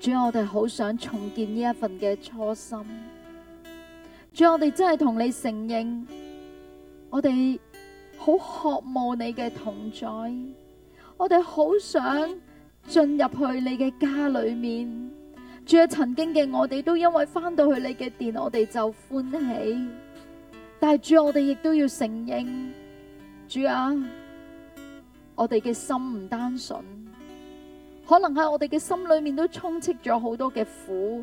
主啊，我哋好想重建呢一份嘅初心。主啊，我哋真係同你承認，我哋好渴望你嘅同在。我哋好想進入去你嘅家裏面。主啊，曾經嘅我哋都因為翻到去你嘅殿，我哋就歡喜。但係主啊，我哋亦都要承認，主啊。我哋嘅心唔單純，可能喺我哋嘅心裏面都充斥咗好多嘅苦。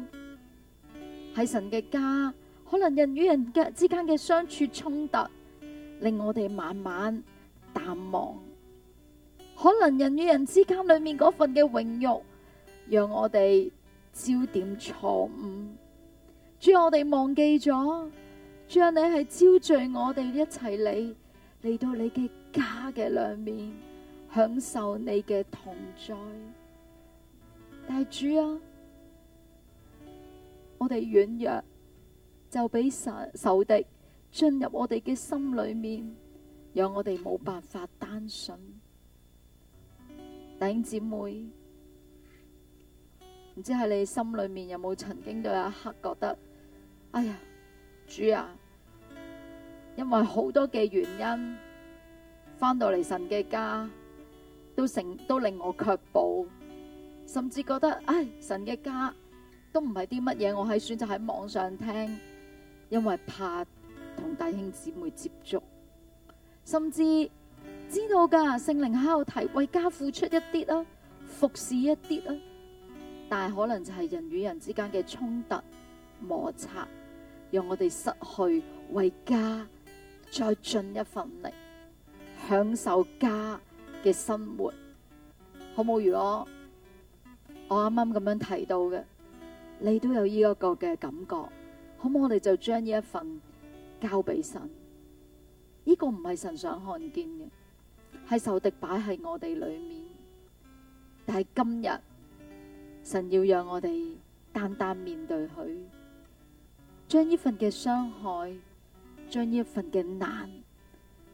喺神嘅家，可能人與人嘅之間嘅相處衝突，令我哋慢慢淡忘。可能人與人之間裏面嗰份嘅榮辱，讓我哋焦點錯誤。主，我哋忘記咗，主你係招聚我哋一齊嚟，嚟到你嘅家嘅兩面。享受你嘅同在，大主啊，我哋軟弱就俾仇敵進入我哋嘅心裏面，讓我哋冇辦法單純。弟兄姊妹，唔知喺你心裏面有冇曾經有一刻覺得，哎呀，主啊，因為好多嘅原因翻到嚟神嘅家。都成都令我卻步，甚至覺得，唉，神嘅家都唔係啲乜嘢，我係選擇喺網上聽，因為怕同弟兄姊妹接觸，甚至知道噶聖靈喺度提為家付出一啲啊，服侍一啲啊，但係可能就係人與人之間嘅衝突摩擦，讓我哋失去為家再盡一份力，享受家。嘅生活，好冇？如果我啱啱咁樣提到嘅，你都有呢一個嘅感覺，好冇？咁我哋就將呢一份交俾神。呢個唔係神想看見嘅，係仇敵擺喺我哋裏面，但係今日神要讓我哋單單面對佢，將呢份嘅傷害，將呢一份嘅難，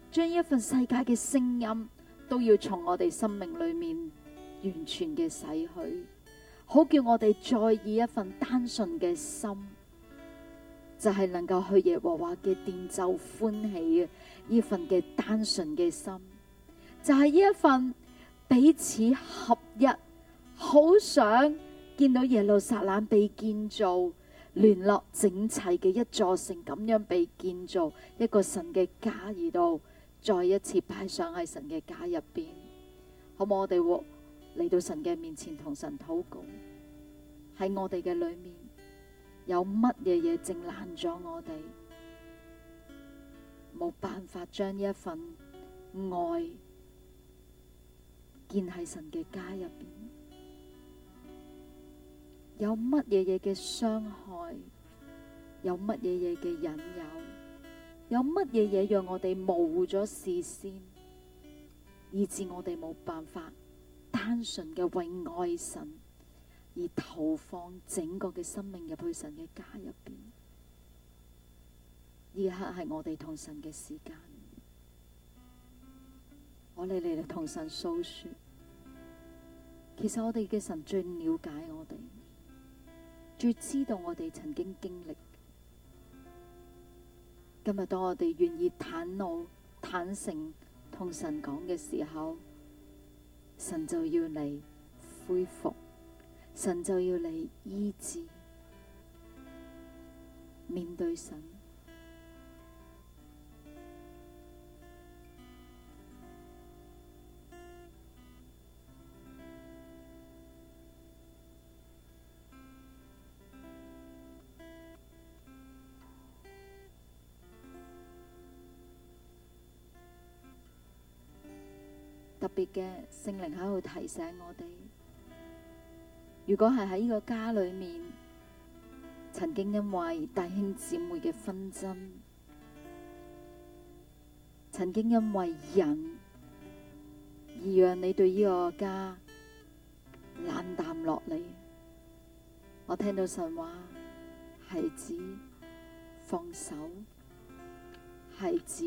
將呢一份世界嘅聲音。都要從我哋生命裏面完全嘅洗去，好叫我哋再以一份單純嘅心，就係、是、能夠去耶和華嘅殿奏歡喜嘅呢份嘅單純嘅心，就係、是、呢一份彼此合一，好想見到耶路撒冷被建造，聯絡整齊嘅一座城，咁樣被建造一個神嘅家而到。再一次擺上喺神嘅家入邊，好冇？我哋嚟到神嘅面前同神禱告，喺我哋嘅裏面有乜嘢嘢整爛咗我哋，冇辦法將呢一份愛建喺神嘅家入邊。有乜嘢嘢嘅傷害？有乜嘢嘢嘅引誘？有乜嘢嘢讓我哋模糊咗視線，以至我哋冇辦法單純嘅為愛神而投放整個嘅生命入去神嘅家入邊？呢一刻係我哋同神嘅時間，我哋嚟嚟同神訴說。其實我哋嘅神最了解我哋，最知道我哋曾經經歷。今日當我哋願意坦露、坦誠同神講嘅時候，神就要你恢復，神就要你醫治，面對神。特別嘅聖靈喺度提醒我哋，如果係喺呢個家裏面，曾經因為弟兄姊妹嘅紛爭，曾經因為人而讓你對呢個家冷淡落嚟，我聽到神話，孩子放手，孩子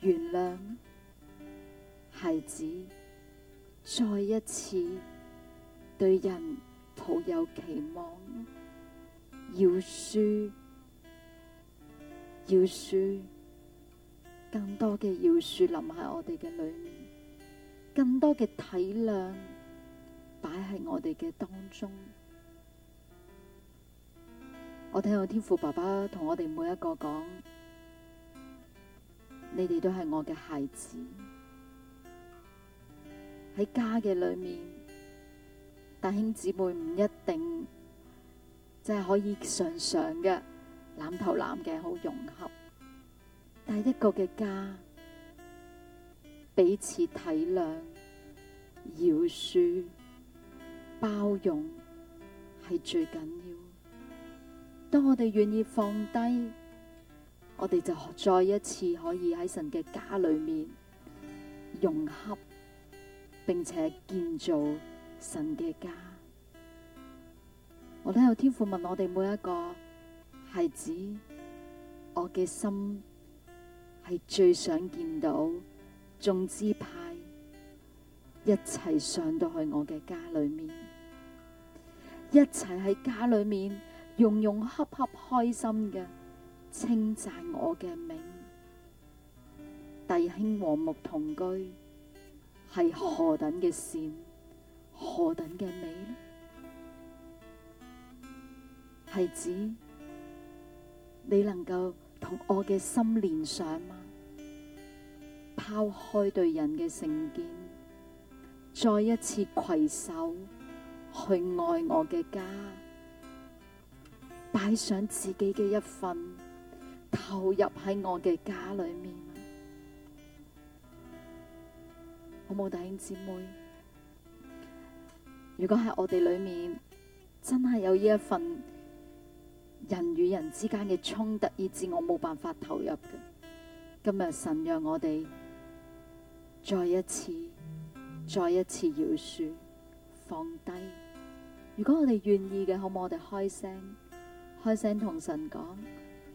原諒。孩子，再一次對人抱有期望，饒恕，饒恕，更多嘅饒恕臨喺我哋嘅裏面，更多嘅體諒擺喺我哋嘅當中。我聽我天父爸爸同我哋每一個講，你哋都係我嘅孩子。喺家嘅裏面，弟兄姊妹唔一定即係可以常常嘅攬頭攬頸好融合。但一個嘅家，彼此體諒、饒恕、包容係最緊要。當我哋願意放低，我哋就再一次可以喺神嘅家裏面融合。並且建造神嘅家，我都有天父問我哋每一個孩子，指我嘅心係最想見到眾支派一齊上到去我嘅家裏面，一齊喺家裏面融融洽洽開心嘅稱讚我嘅名，弟兄和睦同居。係何等嘅善，何等嘅美呢？係指你能夠同我嘅心連上嗎？拋開對人嘅成見，再一次攜手去愛我嘅家，擺上自己嘅一份，投入喺我嘅家裏面。有冇弟兄姊妹？如果係我哋裏面真係有呢一份人與人之間嘅衝突以，以至我冇辦法投入嘅，今日神讓我哋再一次、再一次饒恕、放低。如果我哋願意嘅，可唔可以我哋開聲、開聲同神講：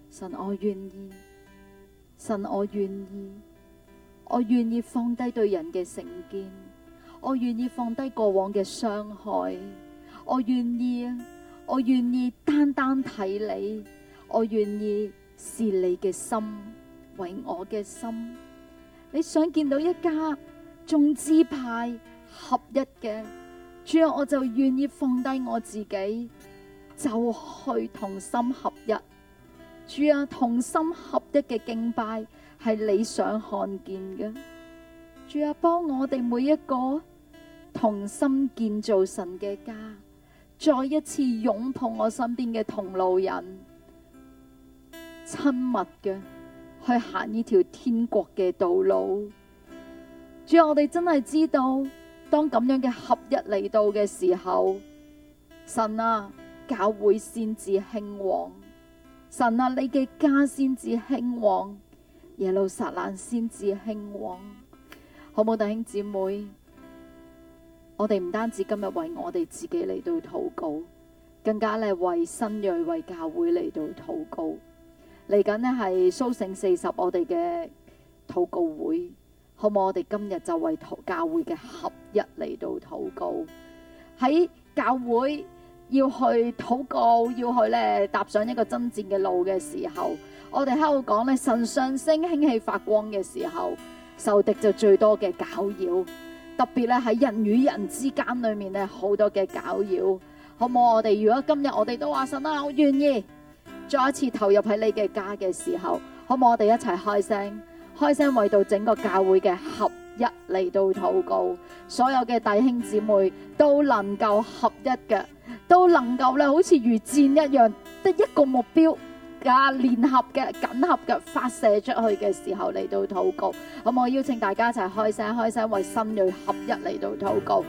神，我願意。神，我願意。我願意放低對人嘅成見，我願意放低過往嘅傷害，我願意啊，我願意單單睇你，我願意視你嘅心為我嘅心。你想見到一家眾支派合一嘅，主啊，我就願意放低我自己，就去同心合一。主啊，同心合一嘅敬拜。係你想看見嘅，主啊，幫我哋每一個同心建造神嘅家，再一次擁抱我身邊嘅同路人，親密嘅去行呢條天國嘅道路。主啊，我哋真係知道，當咁樣嘅合一嚟到嘅時候，神啊，教會先至興旺，神啊，你嘅家先至興旺。耶路撒冷先至興旺，好冇弟兄姊妹？我哋唔單止今日為我哋自己嚟到禱告，更加咧為新銳、為教會嚟到禱告。嚟緊呢係蘇醒四十，我哋嘅禱告會，好冇？我哋今日就為教會嘅合一嚟到禱告。喺教會要去禱告，要去咧踏上一個真正嘅路嘅時候。我哋喺度講咧，神上升、興起、發光嘅時候，受敵就最多嘅攪擾，特別咧喺人與人之間裏面咧，好多嘅攪擾。好冇？我哋如果今日我哋都話神啦、啊，我願意再一次投入喺你嘅家嘅時候，好冇？我哋一齊開聲，開聲為到整個教會嘅合一嚟到禱告，所有嘅弟兄姊妹都能夠合一嘅，都能夠咧好似如箭一樣，得一個目標。啊！聯合嘅緊合嘅發射出去嘅時候嚟到禱告，可唔可以邀請大家一齊開聲開聲為新銳合一嚟到禱告？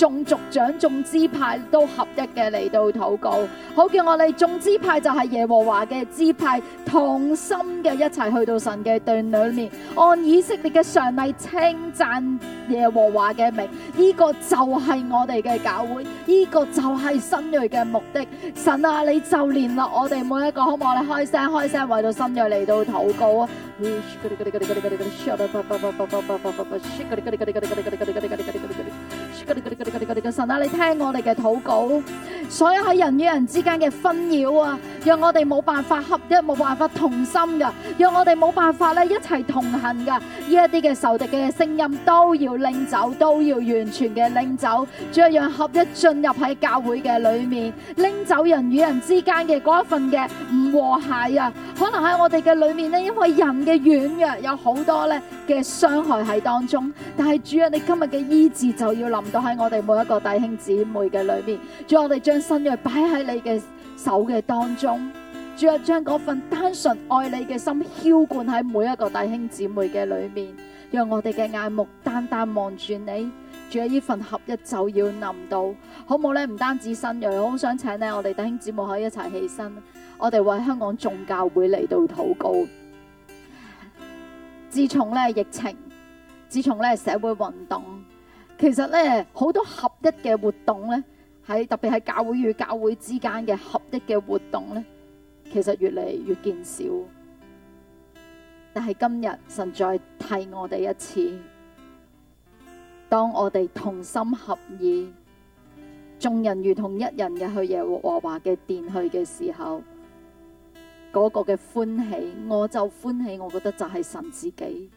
眾族長、眾支派都合一嘅嚟到禱告，好叫我哋眾支派就係耶和華嘅支派，同心嘅一齊去到神嘅殿裏面，按以色列嘅常例稱讚耶和華嘅名。呢、這個就係我哋嘅教會，呢、這個就係新銳嘅目的。神啊，你就聯絡我哋每一個，好唔好？我哋開聲開聲，為到新銳嚟到禱告啊！ <noise> 我哋我哋嘅神啊，你聽我哋嘅禱告，所有喺人與人之間嘅紛擾啊，讓我哋冇辦法合一，冇辦法同心㗎，讓我哋冇辦法咧一齊同行㗎，呢一啲嘅仇敵嘅聲音都要拎走，都要完全嘅拎走，再讓合一進入喺教會嘅裏面，拎走人與人之間嘅嗰一份嘅唔和諧啊，可能喺我哋嘅裏面咧，因為人嘅軟弱有好多咧。嘅傷害喺當中，但係主啊，你今日嘅醫治就要臨到喺我哋每一個弟兄姊妹嘅裏面。主啊，我哋將新銳擺喺你嘅手嘅當中，主啊，將嗰份單純愛你嘅心澆灌喺每一個弟兄姊妹嘅裏面，讓我哋嘅眼目單單望住你。主啊，呢份合一就要臨到，好唔好咧？唔單止新銳，好想請呢我哋弟兄姊妹可以一齊起身，我哋為香港眾教會嚟到禱告。自從呢疫情，自從呢社會運動，其實呢好多合一嘅活動呢，喺特別係教會與教會之間嘅合一嘅活動呢，其實越嚟越見少。但係今日神再替我哋一次，當我哋同心合意，眾人如同一人嘅去耶和華嘅殿去嘅時候。嗰個嘅歡喜，我就歡喜。我覺得就係神自己，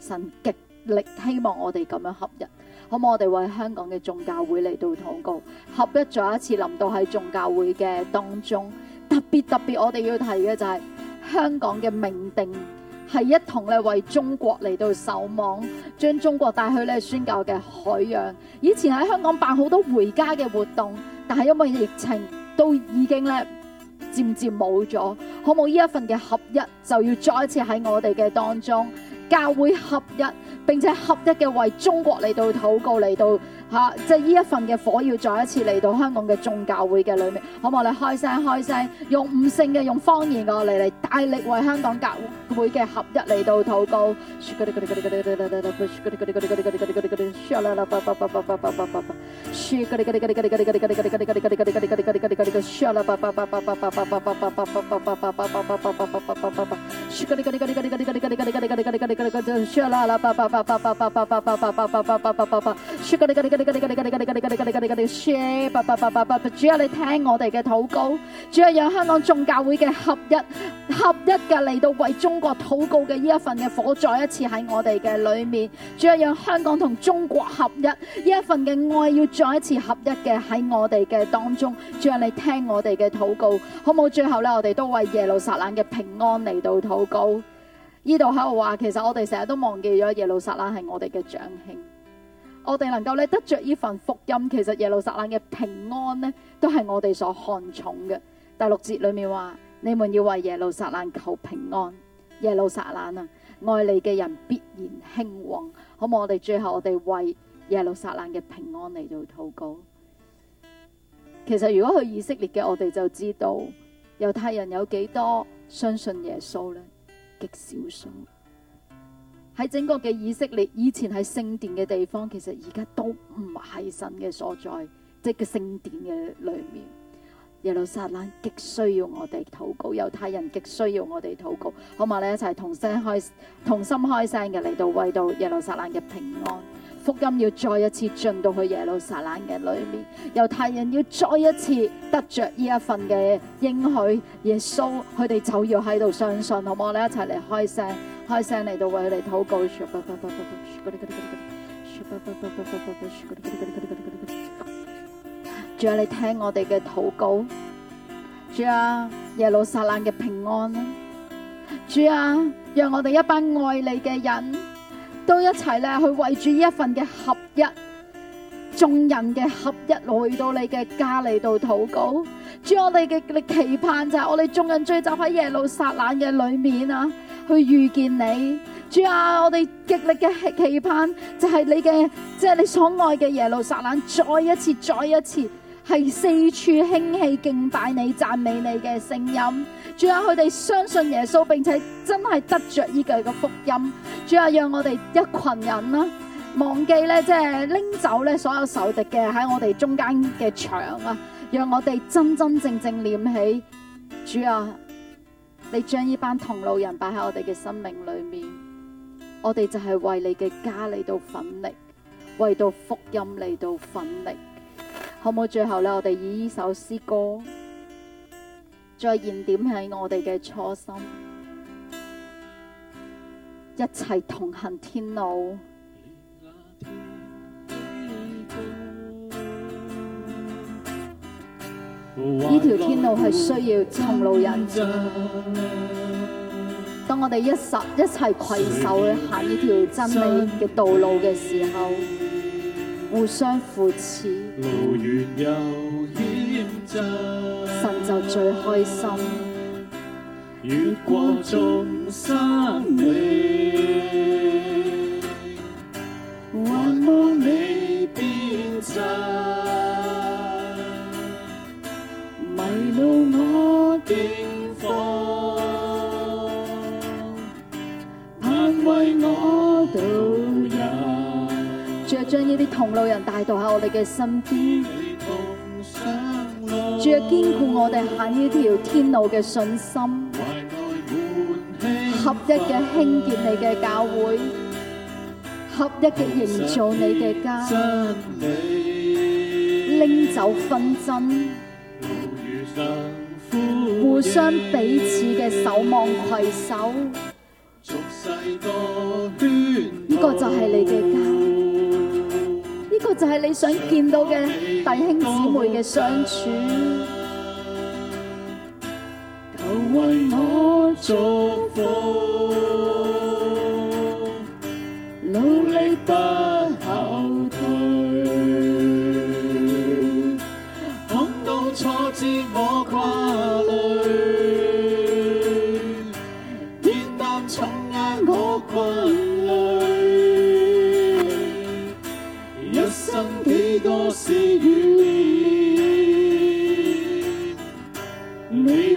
神極力希望我哋咁樣合一。好冇，我哋為香港嘅眾教會嚟到禱告，合一再一次臨到喺眾教會嘅當中。特別特別，我哋要提嘅就係、是、香港嘅命定，係一同嚟為中國嚟到守望，將中國帶去咧宣教嘅海洋。以前喺香港辦好多回家嘅活動，但係因為疫情，都已經咧。漸漸冇咗，可冇呢一份嘅合一，就要再一次喺我哋嘅當中，教會合一並且合一嘅為中國嚟到禱告嚟到。吓！即係呢一份嘅火要再一次嚟到香港嘅眾教會嘅裏面，好，我哋開聲開聲，用悟性嘅，用方言我嚟嚟，大力為香港教會嘅合一嚟到禱告。你個你個你個你個你個你個你個你個你個 share 吧吧吧吧吧，主要你聽我哋嘅禱告，主要讓香港眾教會嘅合一、合一嘅嚟到為中國禱告嘅呢一份嘅火再一次喺我哋嘅裏面，主要讓香港同中國合一呢一份嘅愛要再一次合一嘅喺我哋嘅當中，主要你聽我哋嘅禱告，好冇？最後呢，我哋都為耶路撒冷嘅平安嚟到禱告。呢度喺度話，其實我哋成日都忘記咗耶路撒冷係我哋嘅長兄。我哋能夠咧得着呢份福音，其實耶路撒冷嘅平安咧，都係我哋所看重嘅。第六節裏面話，你們要為耶路撒冷求平安。耶路撒冷啊，愛你嘅人必然興旺。好冇，我哋最後我哋為耶路撒冷嘅平安嚟到禱告。其實如果去以色列嘅，我哋就知道猶太人有幾多相信，信耶穌呢？極少數。喺整個嘅以色列，以前喺聖殿嘅地方，其實而家都唔係神嘅所在，即係個聖殿嘅裏面。耶路撒冷極需要我哋禱告，猶太人極需要我哋禱告，好嘛，好？你一齊同聲開，同心開聲嘅嚟到為到耶路撒冷嘅平安。福音要再一次進到去耶路撒冷嘅裏面，猶太人要再一次得着呢一份嘅應許，耶穌佢哋就要喺度相信，好唔好？你一齊嚟開聲。開聲嚟到為你禱告，主啊，你聽我哋嘅禱告。主啊，耶路撒冷嘅平安。主啊，讓我哋一班愛你嘅人都一齊咧，去為住呢一份嘅合一，眾人嘅合一，來到你嘅家嚟到禱告。主啊，我哋嘅嘅期盼就係我哋眾人聚集喺耶路撒冷嘅裏面啊！去遇見你，主啊！我哋極力嘅期盼就係你嘅，即係你所愛嘅耶路撒冷，再一次再一次係四處興起敬拜你、讚美你嘅聲音。主啊，佢哋相信耶穌，並且真係執着呢句嘅福音。主啊，讓我哋一群人啦，忘記咧，即係拎走咧所有仇敵嘅喺我哋中間嘅牆啊！讓我哋真真正正念起，主啊！你將呢班同路人擺喺我哋嘅生命裏面，我哋就係為你嘅家嚟到奮力，為到福音嚟到奮力，好唔好？最後呢，我哋以呢首詩歌再燃點起我哋嘅初心，一齊同行天路。呢條天路係需要同路人。正當我哋一齊攜手去行呢條真理嘅道路嘅時候，互相扶持，神就最開心，啲同路人帶導喺我哋嘅身邊，仲要堅固我哋行呢條天路嘅信心，合一嘅興建你嘅教會，合一嘅營造你嘅家，拎走紛爭，互相彼此嘅守望攜手，呢個就係你嘅家。呢個就係你想見到嘅弟兄姊妹嘅相處，求為我祝福，努力吧。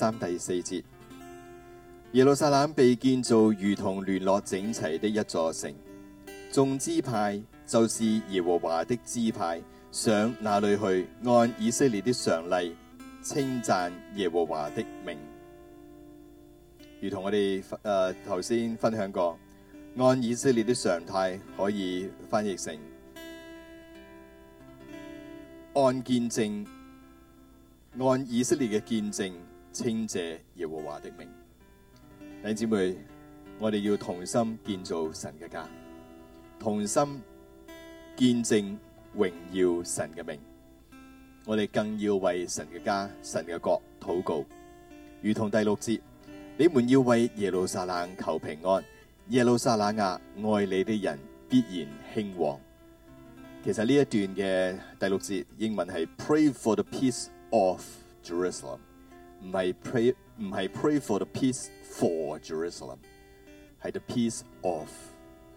三第四節，耶路撒冷被建造，如同聯絡整齊的一座城。眾支派就是耶和華的支派，上哪裏去？按以色列的常例，稱讚耶和華的名，如同我哋誒頭先分享過。按以色列的常態，可以翻譯成按見證，按以色列嘅見證。清稱謝耶和華的名，弟兄姊妹，我哋要同心建造神嘅家，同心見證榮耀神嘅名。我哋更要為神嘅家、神嘅國禱告。如同第六節，你們要為耶路撒冷求平安。耶路撒冷啊，愛你的人必然興旺。其實呢一段嘅第六節英文係 Pray for the peace of Jerusalem。唔係 pray，唔係 pray for the peace for Jerusalem，係 the peace of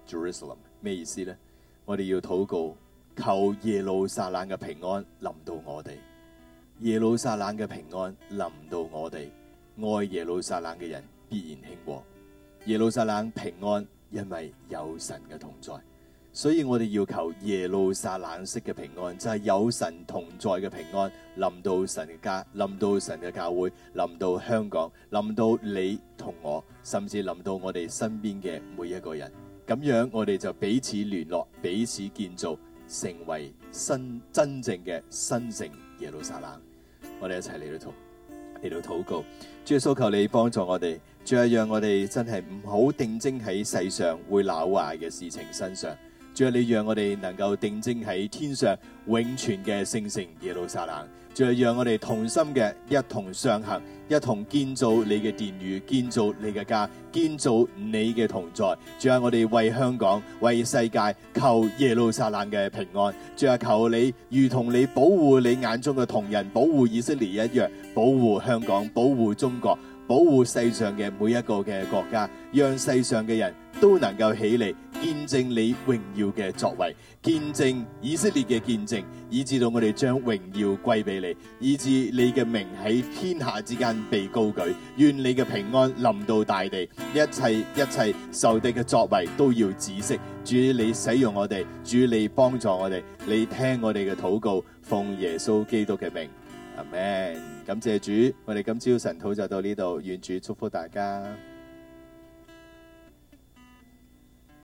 Jerusalem，咩意思咧？我哋要禱告，求耶路撒冷嘅平安臨到我哋，耶路撒冷嘅平安臨到我哋，愛耶路撒冷嘅人必然興旺，耶路撒冷平安，因為有神嘅同在。所以我哋要求耶路撒冷式嘅平安，就係有神同在嘅平安，臨到神嘅家，臨到神嘅教會，臨到香港，臨到你同我，甚至臨到我哋身邊嘅每一個人。咁樣我哋就彼此聯絡，彼此建造，成為新真正嘅新城耶路撒冷。我哋一齊嚟到度，嚟到禱告。主耶穌，求你幫助我哋，主啊，讓我哋真係唔好定睛喺世上會朽壞嘅事情身上。仲係你讓我哋能夠定睛喺天上永存嘅聖城耶路撒冷，仲係讓我哋同心嘅一同上行，一同建造你嘅殿宇，建造你嘅家，建造你嘅同在。仲係我哋為香港、為世界求耶路撒冷嘅平安。仲係求你如同你保護你眼中嘅瞳人，保護以色列一樣，保護香港，保護中國。保護世上嘅每一個嘅國家，讓世上嘅人都能夠起嚟見證你榮耀嘅作為，見證以色列嘅見證，以致到我哋將榮耀歸俾你，以致你嘅名喺天下之間被高舉。願你嘅平安臨到大地，一切一切受敵嘅作為都要止息。主你使用我哋，主你幫助我哋，你聽我哋嘅禱告，奉耶穌基督嘅名。阿們，感謝主，我哋今朝晨禱就到呢度，願主祝福大家。